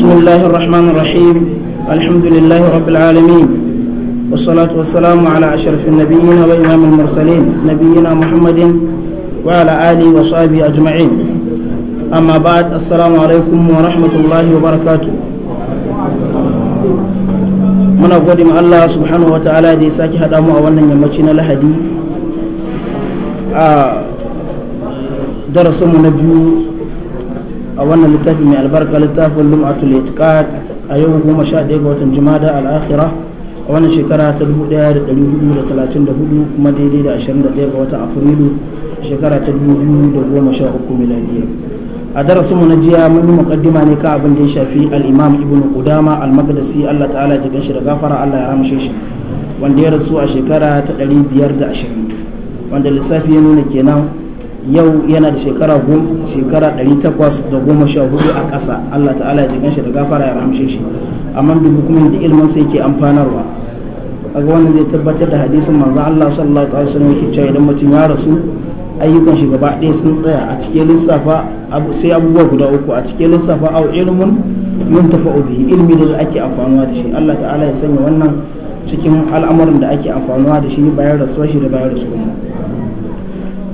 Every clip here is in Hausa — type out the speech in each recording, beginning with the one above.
بسم الله الرحمن الرحيم الحمد لله رب العالمين والصلاة والسلام على أشرف النبيين وإمام المرسلين نبينا محمد وعلى آله وصحبه أجمعين أما بعد السلام عليكم ورحمة الله وبركاته muna gode ma Allah subhanahu wataala da ya sake haɗa mu a wannan yammaci na lahadi a darasinmu na biyu a wannan littafi mai albarka littafin lum'atul itiqad a yau goma sha ɗaya ga watan jumada al'akhira a wannan shekara ta dubu ɗaya da ɗari hudu da talatin da hudu kuma daidai da ashirin da ɗaya ga watan afrilu shekara ta dubu biyu da goma sha uku miladiya a darasinmu na jiya mun yi muƙaddima ne kan abin da ya shafi al'imam ibnu qudama al-maqdisi allah ta'ala ya jigan shi da gafara allah ya ramshe shi wanda ya rasu a shekara ta ɗari biyar da ashirin wanda lissafi ya nuna kenan yau yana da shekara shekara 814 a ƙasa Allah ta'ala ya jikin shi da gafara ya ramshe shi amma dubu kuma da ilmin sai yake amfanarwa kaga wannan zai tabbatar da hadisin manzan Allah sallallahu alaihi wasallam yake cewa idan mutum ya rasu ayyukan shi gaba ɗaya sun tsaya a cikin lissafa sai abubuwa guda uku a cikin lissafa au ilmun yuntafa'u bihi ilmi da ake amfanuwa da shi Allah ta'ala ya sanya wannan cikin al'amarin da ake amfanuwa da shi bayan rasuwar shi da bayan rasuwar mu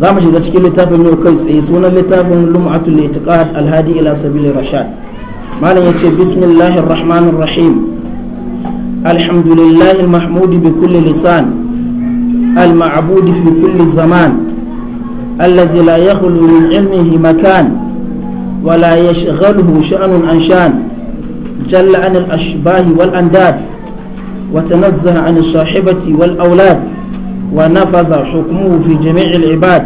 za mu shiga cikin littafin mai kai tsaye sunan littafin lumatul litiqad alhadi ila sabili rashad malam yace bismillahir rahmanir rahim alhamdulillahi almahmud bi kulli lisan almabud fi kulli zaman alladhi la yakhlu min ilmihi makan wa la yashghaluhu sha'nun an shan jalla an al wal andad wa tanazzaha an sahibati wal awlad ونفذ حكمه في جميع العباد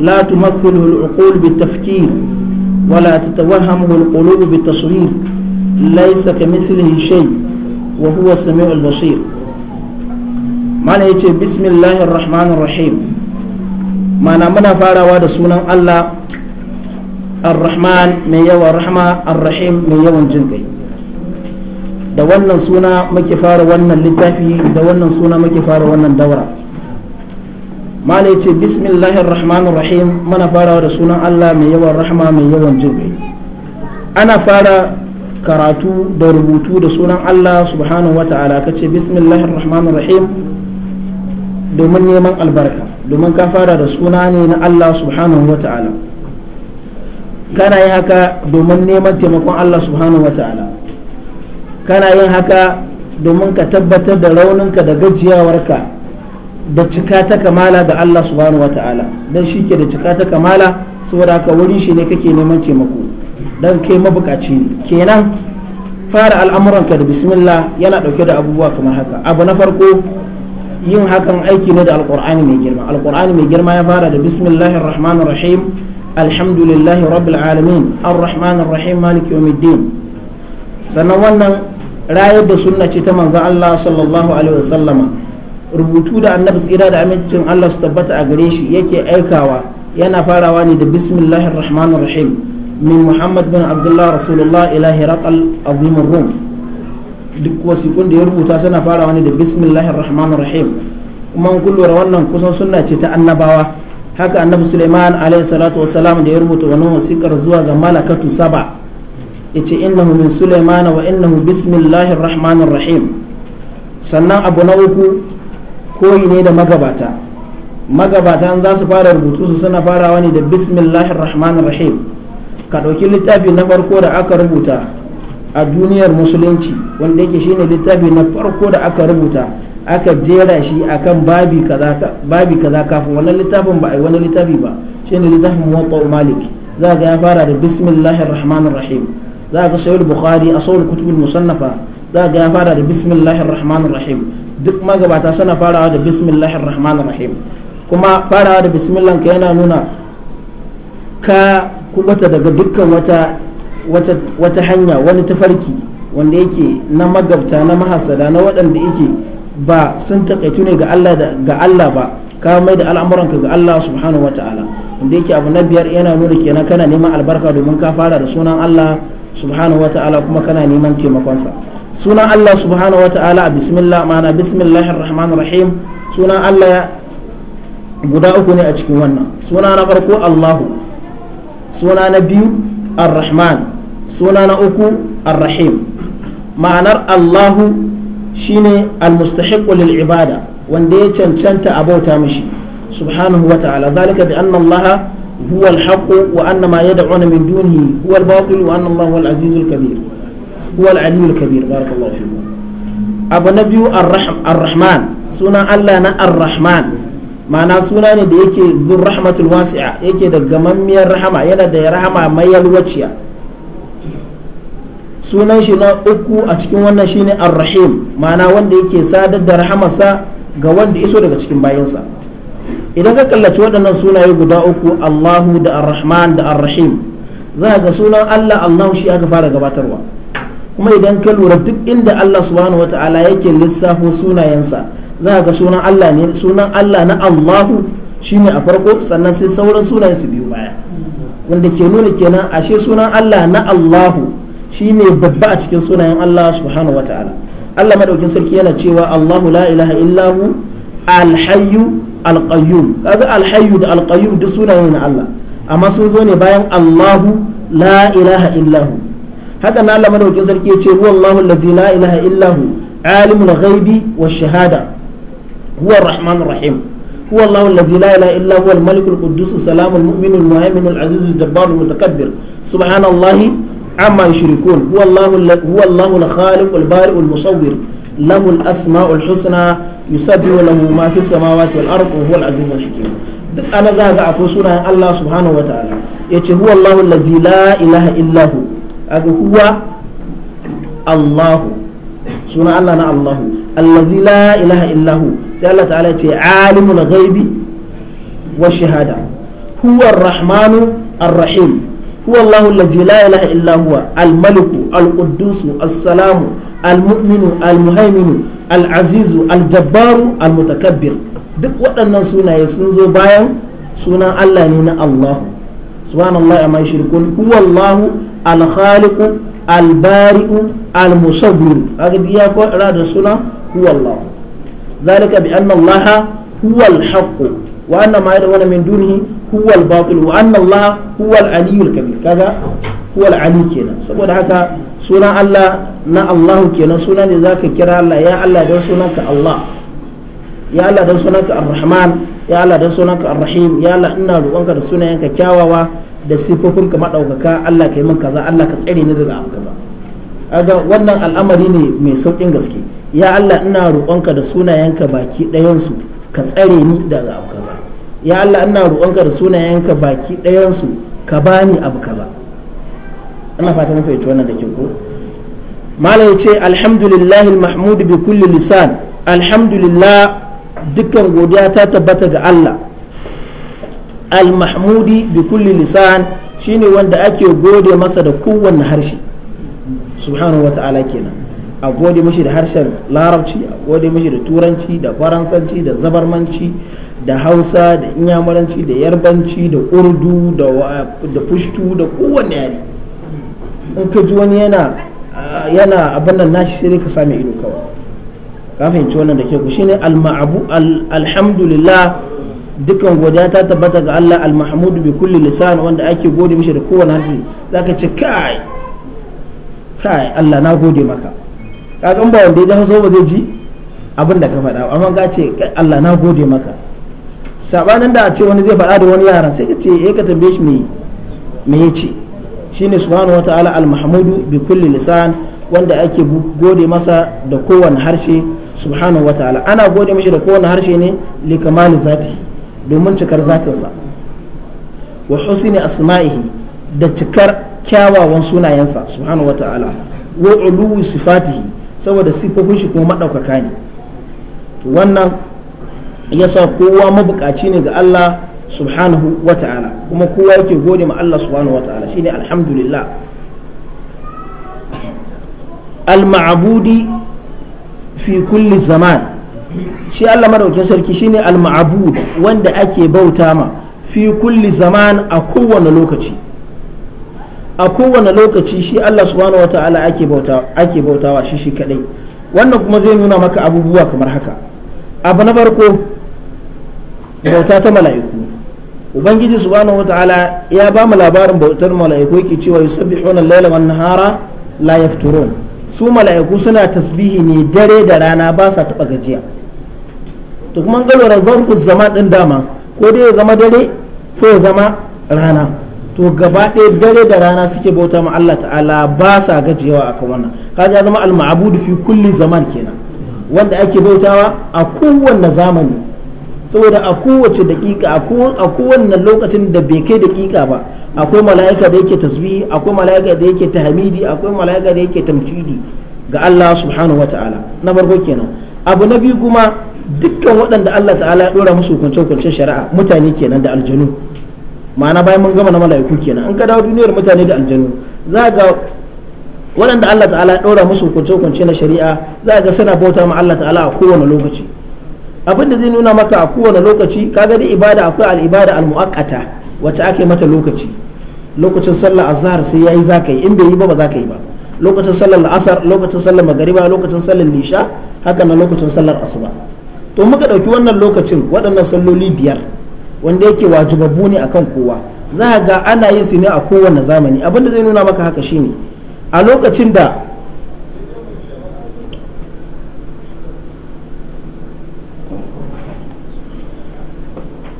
لا تمثله العقول بالتفكير ولا تتوهمه القلوب بالتصوير ليس كمثله شيء وهو السميع البصير mana ya ce bismillahir rahmanir rahim mana muna farawa da sunan allah ar-rahman mai yawan rahma ar-rahim mai yawan da wannan suna muke fara wannan littafi da wannan suna muke fara wannan daura malai ce bismillahir rahmanir rahim muna farawa da sunan Allah mai yawan rahma mai yawan jin ana fara karatu da rubutu da sunan Allah subhanahu wa ta'ala ce bismillahir rahmanir rahim domin neman albarka domin ka fara da suna ne na Allah subhanahu wa ta'ala kana yin haka domin neman taimakon Allah subhanahu wa ta'ala kana yin haka domin ka tabbatar da rauninka da gajiyawarka da cika ta kamala ga Allah subhanahu wata'ala dan shi ke da cika ta kamala saboda haka wuri shi ne kake neman taimako dan kai mabukaci ne kenan fara ka da bismillah yana dauke da abubuwa kamar haka abu na farko yin hakan aiki ne da alkur'ani mai girma alkur'ani mai girma ya fara da bismillahir rahmanir rahim alhamdulillahi rabbil alamin arrahmanir rahim maliki yawmiddin sannan wannan rayar da sunna ce ta manzon Allah sallallahu alaihi wasallama rubutu da annabi tsira da amincin Allah su tabbata a gare shi yake aikawa yana farawa ne da bismillahir rahmanir rahim min muhammad bin abdullah rasulullah ila hiraqal azimur rum duk wasiƙun da ya rubuta suna farawa ne da bismillahir rahmanir rahim kuma kun lura wannan kusan sunna ce ta annabawa haka annabi suleiman alayhi salatu wasalam da ya rubuta wannan wasiƙar zuwa ga malakatu saba yace innahu min suleiman wa innahu bismillahir rahmanir rahim sannan abu na uku koyi ne da magabata magabatan za su fara rubutu su suna farawa ne da bismillahir rahmanir rahim ka ɗauki littafi na farko da aka rubuta a duniyar musulunci wanda yake shine littafi na farko da aka rubuta aka jera shi akan babi kaza babi kaza kafin wannan littafin ba a wani littafi ba shine littafin muwatta malik za ga ya fara da bismillahir rahmanir rahim za ga sahih bukhari a kutubul musannafa za ga ya fara da bismillahir rahmanir rahim duk magabata suna farawa da bismillahir rahmanir rahim kuma farawa da bismillah ka yana nuna ka kubata daga dukkan wata wata wata hanya wani tafarki wanda yake na magabta na mahasada na waɗanda yake ba sun takaitu ne ga Allah ga Allah ba ka mai da al'amuranka ga Allah subhanahu wataala wanda yake abu na biyar yana nuna kenan kana neman albarka domin ka fara da sunan Allah subhanahu wataala kuma kana neman taimakonsa sunan Allah subhanahu wata'ala a bismillah ma'ana bismillahir rahmanir rahim sunan Allah guda uku ne a cikin wannan suna na farko Allahu suna na biyu ar-rahman suna na uku ar-rahim ma'anar Allahu shine al-mustahiqqu lil ibada wanda ya cancanta a bauta mishi subhanahu wa zalika bi anna Allah huwa al-haqq wa anna ma yad'una min dunihi huwa al-batil wa anna Allah huwa al-azizul kabir huwa al kabir abu na biyu arrahman rahman sunan Allah na arrahman rahman suna ne da yake zur rahmatul wasi'a yake da gamammiyar rahama yana da rahama mai yalwaciya sunan shi na uku a cikin wannan shine arrahim rahim ma'ana wanda yake sadar da rahamarsa ga wanda iso daga cikin bayansa idan ka kallaci waɗannan sunaye guda uku Allahu da ar da arrahim rahim za ga sunan Allah Allahu shi aka fara gabatarwa kuma idan ka lura duk inda Allah subhanahu wata'ala yake lissafo sunayensa za ga sunan Allah ne sunan Allah na Allahu shine a farko sannan sai sauran sunayen su biyu baya wanda ke nuna kenan ashe sunan Allah na Allahu shine babba a cikin sunayen Allah subhanahu wata'ala Allah madaukin sarki yana cewa Allahu la ilaha illahu alhayyu qayyum kaga alhayyu da al-qayyum duk sunayen na Allah amma sun zo ne bayan Allahu la ilaha illahu haka na Allah madaukin sarki ya ce huwa Allahu la ilaha illa hu alimul ghaibi shahada huwa rahmanur rahim huwa Allahu la ilaha illa huwa al malikul quddus salamul mu'minul muhaiminul azizul jabbarul mutakabbir subhanallahi amma yushrikun huwa Allahu huwa Allahu al khaliqul bari'ul musawwir له الأسماء الحسنى يسبح له ما في السماوات والأرض وهو العزيز الحكيم أنا ذا أقول سورة الله سبحانه وتعالى يقول هو الله الذي لا إله إلا هو aga huwa Allahu suna Allah na Allahu allazi la ilaha illahu sai Allah ta'ala ce alimul ghaibi wa shahada huwa ar-rahmanu ar-rahim huwa Allahu allazi la ilaha illa al-maliku al-quddus as al-mu'minu al-muhaiminu al-azizu al-jabbaru al-mutakabbir duk waɗannan sunaye sun zo bayan sunan Allah ne na Allahu subhanallahi amma shirkun huwa Allahu al-khaliqu al-bari'u al-musawwir kaga ya kwara da suna huwa Allah zalika bi anna Allah huwa al-haqq wa anna ma yad'una min dunihi huwa al-batil wa anna Allah huwa al-aliyyul kabir kaga huwa al-ali kenan saboda haka sunan Allah na Allah kenan sunan ne zaka kira Allah ya Allah dan sunanka Allah ya dan ya dan ya ina roƙonka da sunayenka kyawawa da sifofin ka madaukaka Allah ka yi min kaza Allah ka tsare ni daga abu kaza kaga wannan al'amari ne mai saukin gaske ya Allah ina roƙonka da sunayenka baki ɗayan su ka tsare ni daga abu kaza ya Allah ina roƙonka da sunayenka baki ɗayan su ka bani abu kaza ina fata mun fahimci wannan da ke ko malam ya ce alhamdulillahi mahmud bi kulli lisan alhamdulillah dukkan godiya ta tabbata ga Allah al-mahmudi bi kulli lisan shine wanda ake gode masa da kowanne harshe subhanahu wata'ala kenan a gode mashi da harshen larabci a gode mashi da turanci da faransanci da zabarmanci da hausa da inyamuranci da yarbanci da urdu da fushtu da kowanne yare in ka ji wani yana yana abin nashi sai ka same ido kawai kafin fahimci wannan da ke ku shine al-ma'abu alhamdulillah dukkan godiya ta tabbata ga Allah al-mahmud bi kulli lisan wanda ake gode mishi da kowane harfi zaka ce kai kai Allah na gode maka kaga ba wanda ya haso ba zai ji abin da ka faɗa amma ga ce Allah na gode maka sabanin da a ce wani zai faɗa da wani yaran sai ka ce eh ka tambaye shi me me yace shine subhanahu wataala al-mahmud bi kulli lisan wanda ake gode masa da kowane harshe subhanahu wataala ana gode mishi da kowane harshe ne li kamali zatihi domin cikar zatinsa wa husni asma'ihi da cikar kyawawan sunayensa subhanahu wa ta'ala wa uluwi sifatihi saboda sifofin shi kuma madaukaka ne wannan yasa kowa mabukaci ne ga Allah subhanahu wa ta'ala kuma kowa yake gode ma Allah subhanahu wa ta'ala shine alhamdulillah al-ma'budi fi kulli zaman shi Allah madaukin sarki shine al-ma'bud wanda ake bauta ma fi kulli zaman a kowane lokaci a kowane lokaci shi Allah subhanahu wata'ala ake bauta ake bautawa shi shi kadai wannan kuma zai nuna maka abubuwa kamar haka abu na farko bauta ta mala'iku ubangiji subhanahu wata'ala ya ba mu labarin bautar mala'iku yake cewa yusabbihuna layla wan nahara la yafturun su mala'iku suna tasbihi ne dare da rana ba sa taba gajiya to kuma ga lura zarfu zama din dama ko dai ya zama dare ko ya zama rana to gaba ɗaya dare da rana suke bauta ma Allah ta'ala ba sa gajiyawa akan wannan kaga zama al-ma'budu fi kulli zaman kenan wanda ake bautawa a kowanne zamani saboda a kowace daƙiƙa a kowanne lokacin da bai kai daƙiƙa ba akwai mala'ika da yake tasbihi akwai mala'ika da yake tahmidi akwai mala'ika da yake tamjidi ga Allah subhanahu wata'ala na farko kenan abu na biyu kuma dukkan waɗanda Allah ta'ala ya ɗora musu hukunce-hukuncen shari'a mutane kenan da aljanu ma'ana bayan mun gama na mala'iku kenan an ka dawo duniyar mutane da aljanu za ga waɗanda Allah ta'ala ya ɗora musu hukunce-hukunce na shari'a za ga suna bauta ma Allah ta'ala a kowane lokaci abin da zai nuna maka a kowane lokaci ka gani ibada akwai al'ibada al-mu'akkata wacce ake mata lokaci lokacin sallar azhar sai yayi zaka yi in bai yi ba ba zaka yi ba lokacin sallar asar lokacin sallar magariba lokacin sallar nisha haka na lokacin sallar asuba to muka ɗauki wannan lokacin waɗannan salloli biyar wanda yake wajibabbu ne akan kowa za a ga ana yin su ne a kowane zamani abin da zai nuna maka haka shine a lokacin da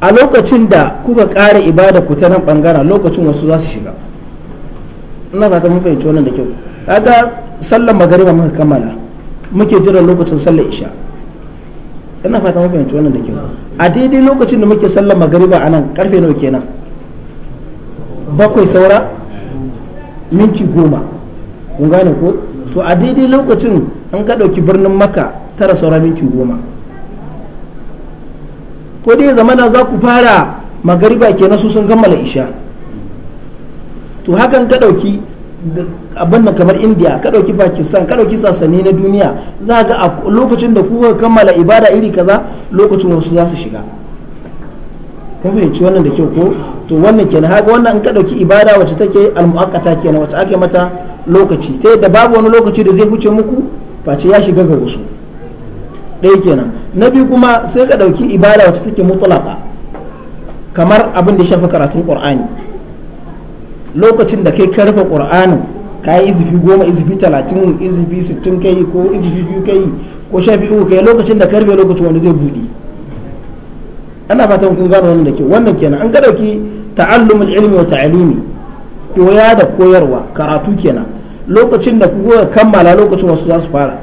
a lokacin da kuka ƙara ibada ku ta nan ɓangaren lokacin wasu za su shiga ina ba ta mun fahimci wannan da kyau kaga sallar magariba muka kammala muke jiran lokacin sallar isha ina fata mun fahimci wannan da kyau a daidai lokacin da muke sallar magariba a nan karfe nawa kenan bakwai saura minti goma kun gane ko to a daidai lokacin an ka ɗauki birnin maka tara saura minti goma ko dai zamana za ku fara magariba kenan su sun kammala isha to hakan ka ɗauki abin da kamar india ka dauki pakistan ka dauki sasanni na duniya za ga a lokacin da kuka kammala ibada iri kaza lokacin wasu za su shiga ka fahimci wannan da kyau ko to wannan kenan haka wannan in ka dauki ibada wacce take almu'akkata kenan wacce ake mata lokaci ta yadda babu wani lokaci da zai huce muku face ya shiga ga wasu ɗaya kenan na biyu kuma sai ka dauki ibada wacce take mutlaka kamar abin da shafi karatun qur'ani lokacin da kai ka rufe ka yi izifi goma izifi talatin izifi sittin kai ko izifi biyu kai ko sha biyu kai lokacin da karfe lokacin wani zai buɗe ana fatan kun gano wannan da ke wannan kenan an gada ki ta'allumul ilmi wa ta'alimi koya da koyarwa karatu kenan lokacin da kuka kammala lokacin wasu za su fara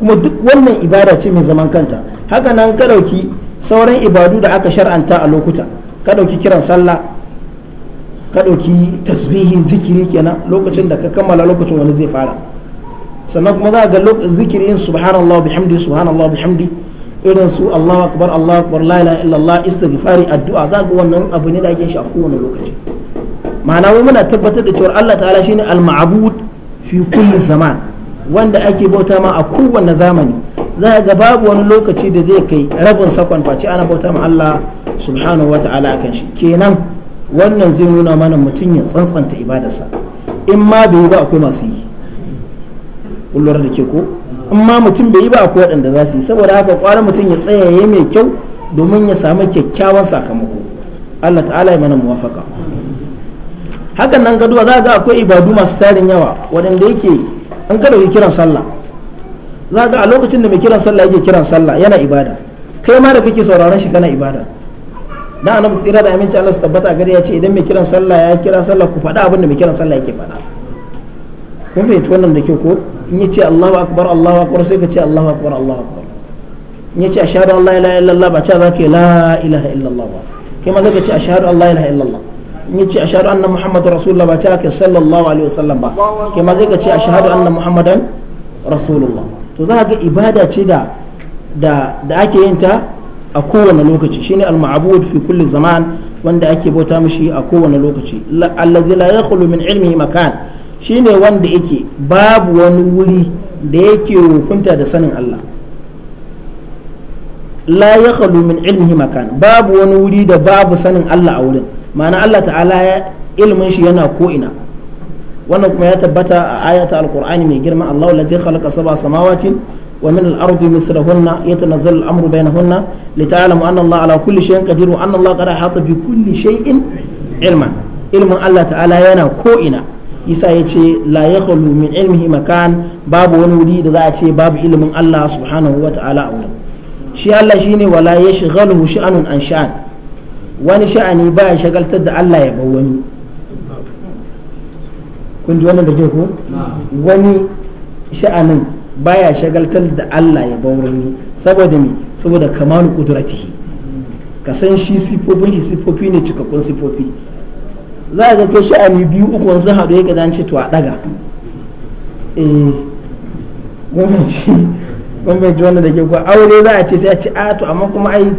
kuma duk wannan ibada ce mai zaman kanta haka nan ka ɗauki sauran ibadu da aka shar'anta a lokuta ka ɗauki kiran sallah ka ɗauki tasbihi zikiri kenan lokacin da ka kammala lokacin wani zai fara sannan kuma za ga in subhanallah bihamdi subhanallah bihamdi irin su Allahu akbar Allahu akbar la ilaha illallah istighfari addu'a za ga wannan abu ne da ake shi a kowane lokaci ma'ana wai muna tabbatar da cewa Allah ta'ala shine al-ma'bud fi kulli zaman wanda ake bauta ma a kowane zamani za ga babu wani lokaci da zai kai rabin sakon face ana bauta ma Allah subhanahu wata'ala kan shi kenan wannan zai nuna mana mutum ya tsantsanta ibadarsa in ma bai yi ba akwai masu yi kullum da ke ko in ma mutum bai yi ba akwai waɗanda za su yi saboda haka kwanan mutum ya tsayaye mai kyau domin ya samu kyakkyawan sakamako Allah ta'ala ya mana muwafaka hakan nan gaduwa za ga akwai ibadu masu tarin yawa waɗanda yake an dauki kiran sallah za ga a lokacin da mai kiran sallah yake kiran sallah yana ibada kai ma da kake sauraron shi kana ibada dan annabi tsira da aminci Allah su tabbata gari ya ce idan mai kiran sallah ya kira sallah ku faɗa abin da mai kiran sallah yake faɗa kun fahimci wannan da ke ko in ya ce Allahu akbar Allahu akbar sai ka ce Allahu akbar Allahu akbar in ya ce ashhadu an la ilaha illallah ba ce za ka la ilaha illallah ba kai ma zaka ce ashhadu an la ilaha illallah in ya ce ashhadu anna muhammadar rasulullah ba ce ka sallallahu alaihi wasallam ba kai ma zai ka ce ashhadu anna muhammadan rasulullah to za ga ibada ce da da ake yin ta a kowane lokaci shine al-ma'bud fi kulli zaman wanda ake bauta mishi a kowane lokaci allazi la yakhlu min ilmihi makan shine wanda yake babu wani wuri da yake hukunta da sanin Allah la yakhlu min ilmihi makan babu wani wuri da babu sanin Allah a wurin ma'ana Allah ta'ala ya ilmin shi yana ko ina wannan kuma ya tabbata a ayata alqur'ani mai girma Allah ladzi khalaqa sab'a samawatin ومن الأرض مثلهن يتنزل الأمر بينهن لتعلموا أن الله على كل شيء قدير وأن الله قد أحاط بكل شيء علما علم الله تعالى ينا كوئنا isa ya ce la ya min ilmihi makan babu wani wuri da za a ce babu ilimin Allah subhanahu wa ta'ala shi Allah shine wala ya shighaluhu sha'anun an wani sha'ani ba shagaltar da Allah ya bar wani wani sha'anin baya shagaltar da Allah ya baurani saboda me saboda kamalu kudratihi ka san shi sifofin shi sifofi ne cikakkun sifofi za a zato sha'ani biyu uku wanzu haɗu ya gada ce to a ɗaga eh gwamnati wannan da ke kuwa aure za a ce sai a ce a ah, to amma kuma ai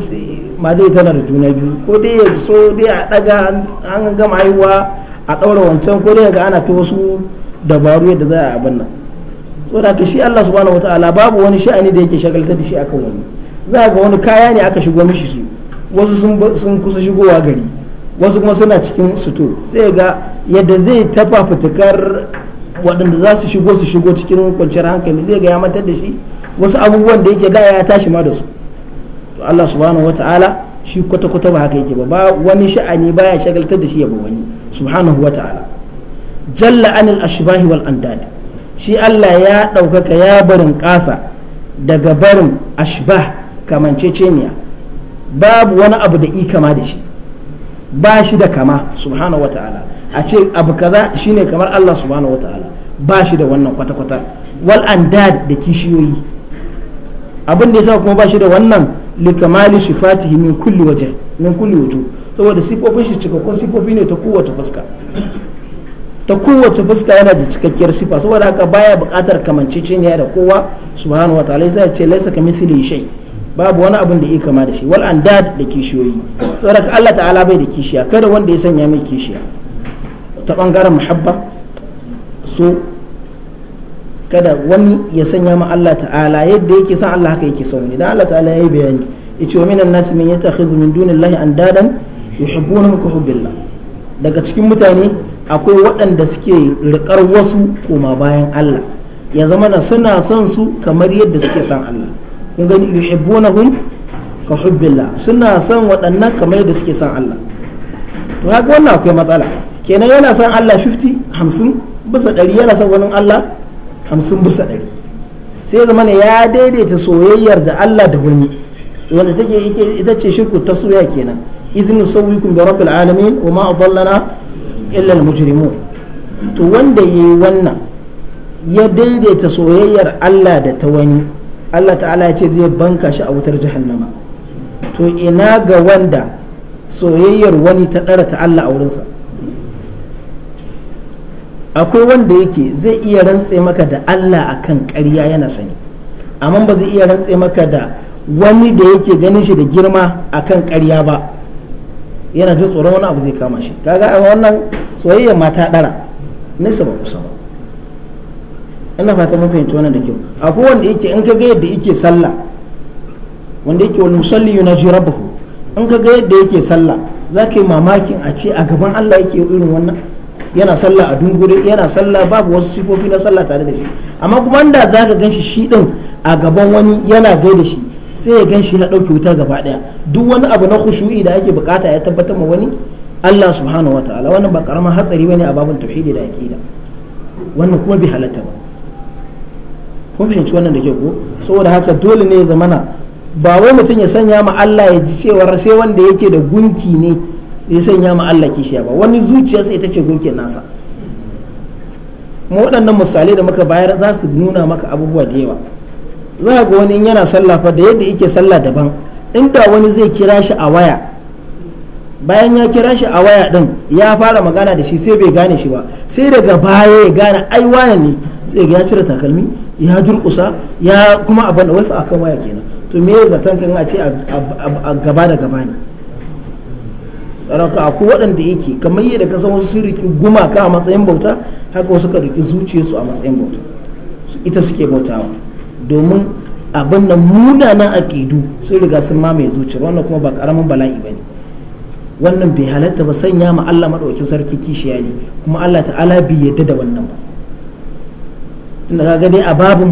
ma zai tana da juna biyu ko dai ya so dai a daga an gama haihuwa a ɗaura wancan ko dai ga ana ta wasu dabaru yadda za a abin nan saboda ka shi Allah subhanahu ta'ala babu wani sha'ani da yake shagaltar da shi akan wani za ga wani kaya ne aka shigo mishi su wasu sun kusa shigowa gari wasu kuma suna cikin suto sai ga yadda zai tafa fitakar waɗanda za su shigo su shigo cikin kwanciyar hankali zai ga ya matar da shi wasu abubuwan da yake da ya tashi ma da su to Allah subhanahu ta'ala shi kwata kwata ba haka yake ba ba wani sha'ani baya shagaltar da shi ya ba wani subhanahu ta'ala jalla anil ashbahi wal andad shi Allah ya ɗaukaka ya barin ƙasa daga barin ashbah kamanceceniya babu wani abu da i kama da shi ba shi da kama subhanahu wata'ala a ce abu kaza shine kamar Allah subhanahu wata'ala ba shi da wannan kwata-kwata wal andad da kishiyoyi abin da yasa kuma ba shi da wannan likamali sifatihi min kulli waje min kulli wujuh saboda sifofin shi cikakkun sifofi ne ta kowace fuska ta kowace fuska yana da cikakkiyar sifa saboda haka baya buƙatar kamanceceniya da kowa subhanahu wa ta'ala sai ya ce laisa mithli shay babu wani abin da yake kama da shi wal andad da kishiyoyi saboda haka Allah ta'ala bai da kishiya kada wanda ya sanya mai kishiya ta bangaren muhabba so kada wani ya sanya ma Allah ta'ala yadda yake san Allah haka yake son idan Allah ta'ala yayi bayani yace wa minan nas min yatakhidhu min dunillahi andadan yuhibbunahum ka hubbillah daga cikin mutane akwai waɗanda suke riƙar wasu koma bayan Allah ya zama na suna son su kamar yadda suke son Allah kun gani yuhibbunahum ka hubbilla suna son waɗannan kamar yadda suke son Allah to haka wannan akwai matsala kenan yana son Allah 50 50 bisa ɗari yana son wani Allah 50 bisa ɗari sai zama ne ya daidaita soyayyar da Allah da wani wanda take ita ce shirku ta suya kenan idin sauyikum bi rabbil alamin wa ma adallana illa mujrimu to wanda ya yi wannan ya daidaita soyayyar Allah da ta wani Allah ta'ala ya ce zai banka shi a wutar jahannama to ina ga wanda soyayyar wani ta ɗara ta Allah a wurinsa akwai wanda yake zai iya rantse maka da Allah akan ƙarya yana sani amma ba zai iya rantse maka da wani da yake ganin shi da girma akan karya ba yana jin tsoron wani abu zai kama shi kaga wannan soyayya mata ta ɗara nesa ba kusa ba ina fata mun fahimci wannan da kyau a wanda yake in ka ga yadda yake sallah wanda yake wal musalli yunaji rabbahu in ka ga yadda yake sallah za ka yi mamakin a ce a gaban Allah yake irin wannan yana sallah a dungure yana sallah babu wasu sifofi na sallah tare da shi amma kuma da za ka gan shi shi din a gaban wani yana da shi sai ya gan shi ya ɗauki wuta gaba ɗaya duk wani abu na khushu'i da ake bukata ya tabbatar ma wani Allah subhanahu wa ta'ala wannan ba karaman hatsari bane a babin tauhidi da aqida wannan kuma bi halatta ba kun fahimci wannan da ke ko saboda haka dole ne zamana ba wai mutum ya sanya ma Allah ya ji cewar sai wanda yake da gunki ne ya sanya ma Allah kishiya ba wani zuciyarsa ita ce gunkin nasa mu waɗannan misalai da muka bayar za su nuna maka abubuwa da yawa za ga wani yana sallah fa da yadda yake sallah daban inda wani zai kira shi a waya bayan ya kira shi a waya din ya fara magana da shi sai bai gane shi ba sai daga baya ya gane ai wane ne sai ya cire takalmi ya durkusa ya kuma abin da wafi akan waya kenan to me zaton kan a ce a gaba da gaba ne raka waɗanda yake kamar yadda ka san wasu sun riki gumaka a matsayin bauta haka wasu ka riki zuciyarsu a matsayin bauta ita suke bautawa domin abin da munanan akidu sun riga sun mamaye zuciya wannan kuma ba karamin bala'i ba ne wannan bai halatta ba sanya ma Allah madaukakin sarki kishiya ne kuma Allah ta'ala bai yadda da wannan ba inda kaga dai a babin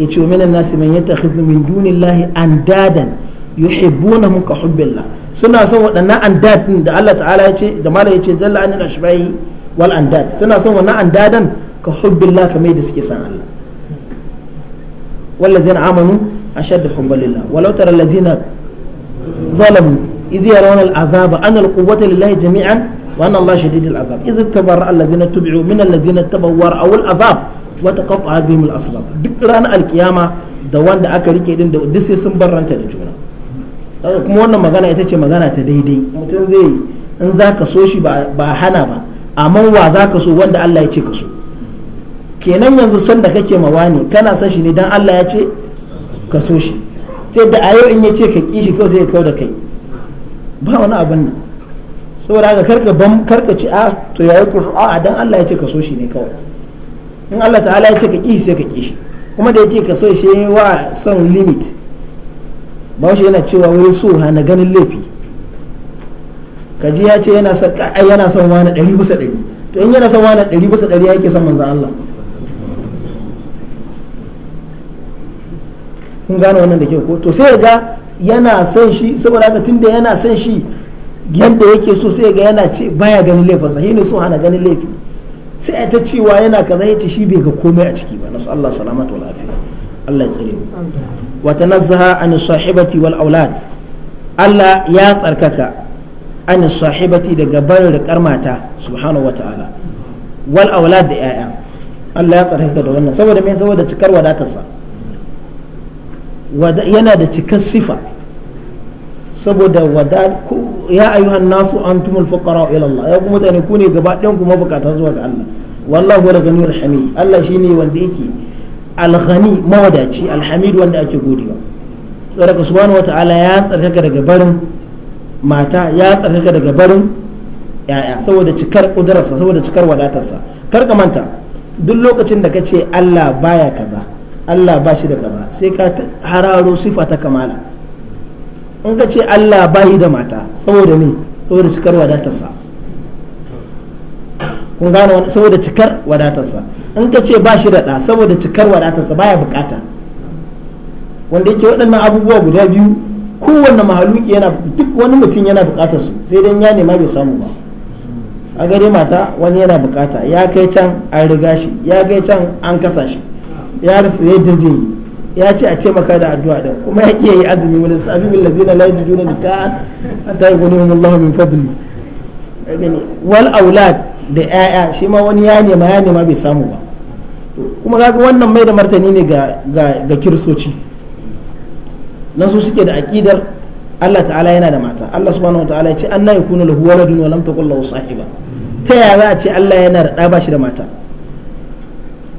ya ce wa minan nasi man yattakhidhu min dunillahi andadan yuhibbunahum ka hubbillah suna son waɗannan andad da Allah ta'ala ya ce da mala ya ce jalla anil ashbahi wal andad suna son an dadan ka hubbillah mai da suke san Allah wallazina amanu ashaddu hubbillah walau tara allazina zalamu إذ يرون العذاب أن القوة لله جميعا وأن الله شديد العذاب إذ تبرأ الذين اتبعوا من الذين اتبعوا ورأوا العذاب وتقطع بهم الأسباب دكران القيامة da wanda aka rike din da duk sun barranta da juna kuma wannan magana ita ce magana ta daidai mutum zai in za ka so shi ba hana ba amma wa za ka so wanda Allah ya ce ka so kenan yanzu san da kake mawa ne kana san shi ne dan Allah ya ce ka so shi ta yadda a yau in ya ce ka ki shi kawai sai ya kawo da kai ba wani abin nan saboda haka karka ban karka ci a ah, to yayi a dan Allah ya ce ka so shi ne kawai in Allah ta'ala ya ce ka ki sai ka ki shi kuma da yake ka so shi wa son limit ba shi yana cewa wai so hana ganin laifi kaji ya ce yana son yana son wani 100 bisa 100 to in yana son wani 100 bisa 100 yake son manzon Allah kun gane wannan da ke ko to sai ga yana son shi saboda haka tunda yana son shi yadda yake so sai ga yana ce baya ganin laifin sahi ne so hana ganin laifi sai ta cewa yana kaza ya ce shi bai ga komai a ciki ba nasu Allah salamatu wal afiya Allah ya tsare wa tanazzaha an sahibati wal aulad Allah ya tsarkaka an sahibati daga barin rikar mata subhanahu wa ta'ala wal aulad da 'ya'ya Allah ya tsarkaka da wannan saboda me saboda cikar wadatarsa yana da cikar sifa saboda wada ya ayyuhan nasu an antumul fuqara ila Allah ya kuma mutane ku ne gaba ɗayan kuma bukata zuwa ga Allah wallahu wal ghaniyul hamid Allah shine wanda yake alghani mawadaci alhamid wanda ake godewa saboda subhanahu wataala ya tsarkaka daga barin mata ya tsarkaka daga barin yaya saboda cikar kudararsa saboda cikar wadatarsa kar ka manta duk lokacin da ka ce Allah baya kaza Allah ba shi da kaza sai ka hararo sifa ta kamala in ka ce Allah ba da mata saboda me saboda cikar wadatarsa kun gane wani saboda cikar wadatarsa in ka ce ba shi da ɗa saboda cikar wadatarsa baya bukata wanda yake waɗannan abubuwa guda biyu kowanne mahaluki yana duk wani mutum yana bukatar su sai dan ya nema bai samu ba a gare mata wani yana bukata ya kai can an riga shi ya kai can an kasa shi ya rasa yadda zai yi ya ce a taimaka da addu'a din kuma ya kiyaye azumi wani sabi bil ladina la ta yi hatta yughnihum Allah min fadli wal aulad da yaya shi ma wani ya nema ya nema bai samu ba kuma kaga wannan mai da martani ne ga kiristoci nan su suke da aƙidar Allah ta'ala yana da mata Allah subhanahu ta'ala ya ce an na yi kuna waladun wa lam kulla lahu sahiba ta yaya za a ce Allah yana da ɗa ba shi da mata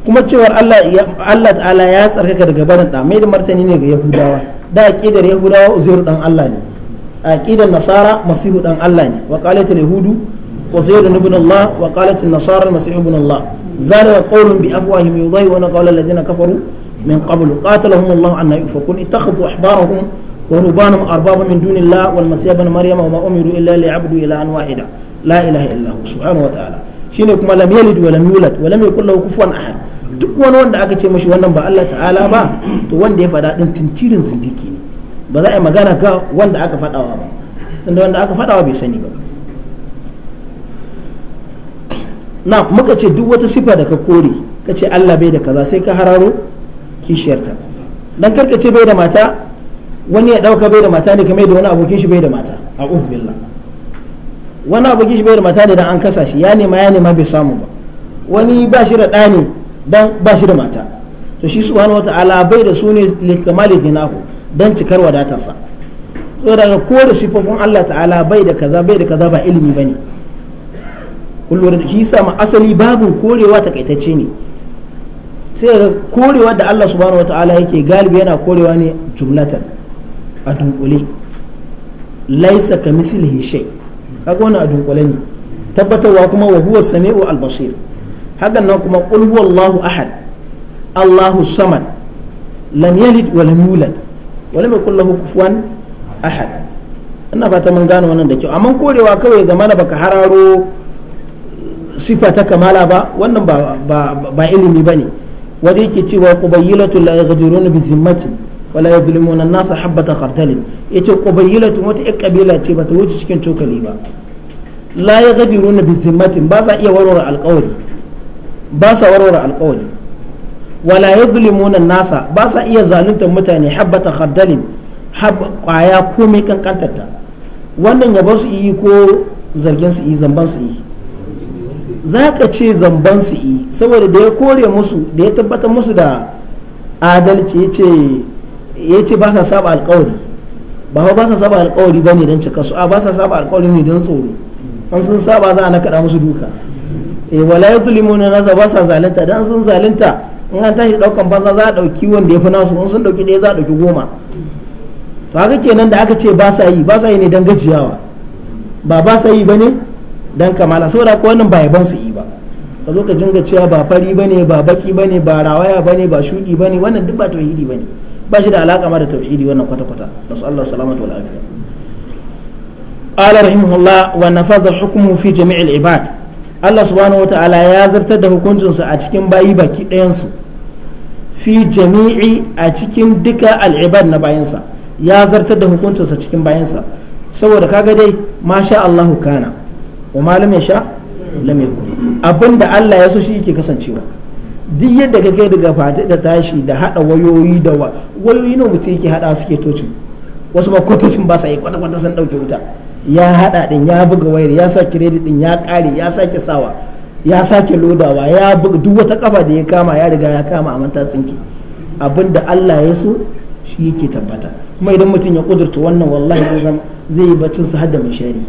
kuma cewar Allah ta'ala ya tsarkaka daga barin da mai da martani ne ga yahudawa da aqidar yahudawa uzairu dan Allah ne aqidar nasara masihu dan Allah ne wa qalat yahudu uzairu ibn Allah wa qalat nasara masihu ibn Allah zalika qawlun bi afwahihim yudhihuna qawla alladhina kafaru min qablu qatalahum Allah an yufakun ittakhadhu ahbarahum wa rubanahum arbaban min dunillah wal masih ibn maryama wa ma umiru illa liya'budu ilahan wahida la ilaha illa hu subhanahu wa ta'ala shine kuma lam yalid wa lam yulad wa lam yakul lahu kufuwan ahad duk wani wanda aka ce mashi wannan ba Allah ta'ala ba to wanda ya faɗa din tintirin zindiki ne ba za a yi magana ga wanda aka faɗawa ba tunda wanda aka faɗawa bai sani ba na muka ce duk wata sifa da ka kore ka ce Allah bai da kaza sai ka hararo kishiyarta dan karka ce bai da mata wani ya dauka bai da mata ne kamar da wani abokin shi bai da mata a uzbillah wani abokin shi bai da mata ne dan an kasa shi ya nema ya nema bai samu ba wani ba shi da ɗa ne dan ba shi da mata to shi subhanahu wata'ala bai da su ne likamali ginahu dan cikar wadatarsa daga ko da sifofin Allah ta'ala bai da kaza bai da kaza ba ilimi bane kullum da shi sa asali babu korewa takaitacce ne sai ga korewa da Allah subhanahu wata'ala yake galibi yana korewa ne jumlatan a dunkule laisa ka mithlihi shay kaga wannan a dunkule ne tabbatarwa kuma wa huwa samiu al-basir hakan nan kuma qul ahad Allahu samad lam yalid wa lam yulad wa lam yakul lahu kufuwan ahad ina fata mun gane wannan da kyau amma korewa kawai ga mana baka hararo sifa ta kamala ba wannan ba ba ilimi bane wanda yake cewa qubayyilatu la yaghdiruna bi zimmati wala yadhlimuna an-nasa habata khardal yace qubayyilatu wata ƴan kabila ce bata wuce cikin cokali ba la yaghdiruna bi zimmati ba za iya warware alƙawari ba sa warware alkawari wala zulimuna nasa ba sa iya zalunta mutane habbata khardalin ƙwaya ko komai kankantarta wannan ya ba su yi ko zargin su yi zamban su yi za ka ce zamban su yi saboda da ya kore musu da ya tabbatar musu da adalci ya ce ba sa saba alkawari ba ba sa saba alkawari ba ne don cika su a ba sa saba alkawari ne don tsoro an sun saba za a nakaɗa musu duka ya eh, wala na nasa ba sa zalinta dan sun zalinta in an tashi daukan fansa za a dauki wanda fi nasu in sun dauki ɗaya za a dauki goma to haka kenan da aka ce ba sa yi ba sa yi ne dan gajiyawa ba ba sa yi bane dan kamala saboda ko wannan ba ya ban su yi ba ka zo ka jinga cewa ba fari bane ba baki bane ba rawaya bane ba shudi bane wannan duk ba tauhidi bane ba shi da alaka ma da tauhidi wannan kwata kwata da su Allah salamatu wal afiya قال wa الله ونفذ حكمه fi جميع العباد Allah subhanahu ta'ala ya zartar da hukuncinsa a cikin bayi baki ɗayansu fi jami'i a cikin duka al'ibad na bayansa ya zartar da hukuncinsa cikin bayansa saboda kaga dai ma sha Allahu kana wa ma lam yasha lam yakun abinda Allah ya so shi yake kasancewa duk yadda ka kai daga fati da tashi da hada wayoyi da wayoyi ne mutum yake hada suke tocin wasu ba ko tocin ba sa yi kwata kwata sun dauke wuta ya hada din ya buga wayar ya sa credit din ya kare ya sake sawa ya sake lodawa ya buga duk wata kafa da ya kama ya riga ya kama a manta tsinki abinda Allah ya so shi yake tabbata kuma idan mutum ya kudurta wannan wallahi zai yi baccin su hadda mishari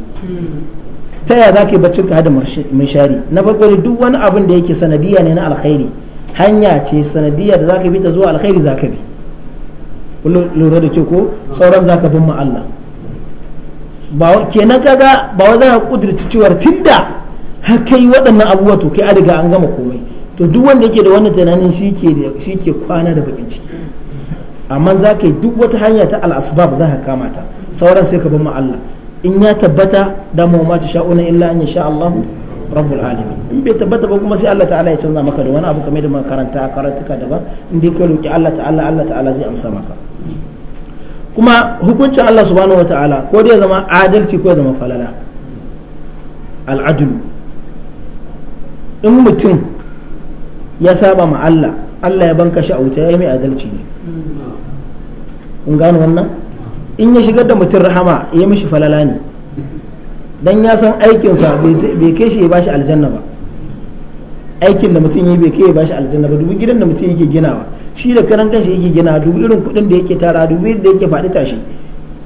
ta yaya zaka yi baccin ka hadda mishari na farko duk wani abin da yake sanadiya ne na alkhairi hanya ce sanadiyya da zaka bi ta zuwa alkhairi zaka bi lura da ke ko sauran zaka bin ma Allah kenan kaga ba wa za ka kudurci cewar tunda har kai waɗannan abubuwa to kai a riga an gama komai to duk wanda yake da wannan tunanin shi ke kwana da bakin ciki amma za ka yi duk wata hanya ta al'asbab za ka kama ta sauran sai ka bar Allah in ya tabbata da mu ta sha'una illa an sha Allah rabbul alamin in bai tabbata ba kuma sai Allah ta'ala ya canza maka da wani abu kamar da makaranta karantuka daban in dai ka roki Allah ta'ala Allah ta'ala zai amsa maka kuma hukuncin Allah subhanahu wa ta'ala ko dai zama adalci ko zama falala al'adulu in mutum ya saba ma Allah Allah ya banka shi a wuta ya yi mai adalci ne in gano wannan in ya shigar da mutum rahama ya mishi falala ne dan ya san aikinsa bai kai shi ya bashi aljanna ba aikin da mutum yi bai kai ya bashi aljanna ba dubu gidan da mutum yake ginawa shi da karan kanshi yake gina dubu irin kudin da yake tara dubu da yake faɗi tashi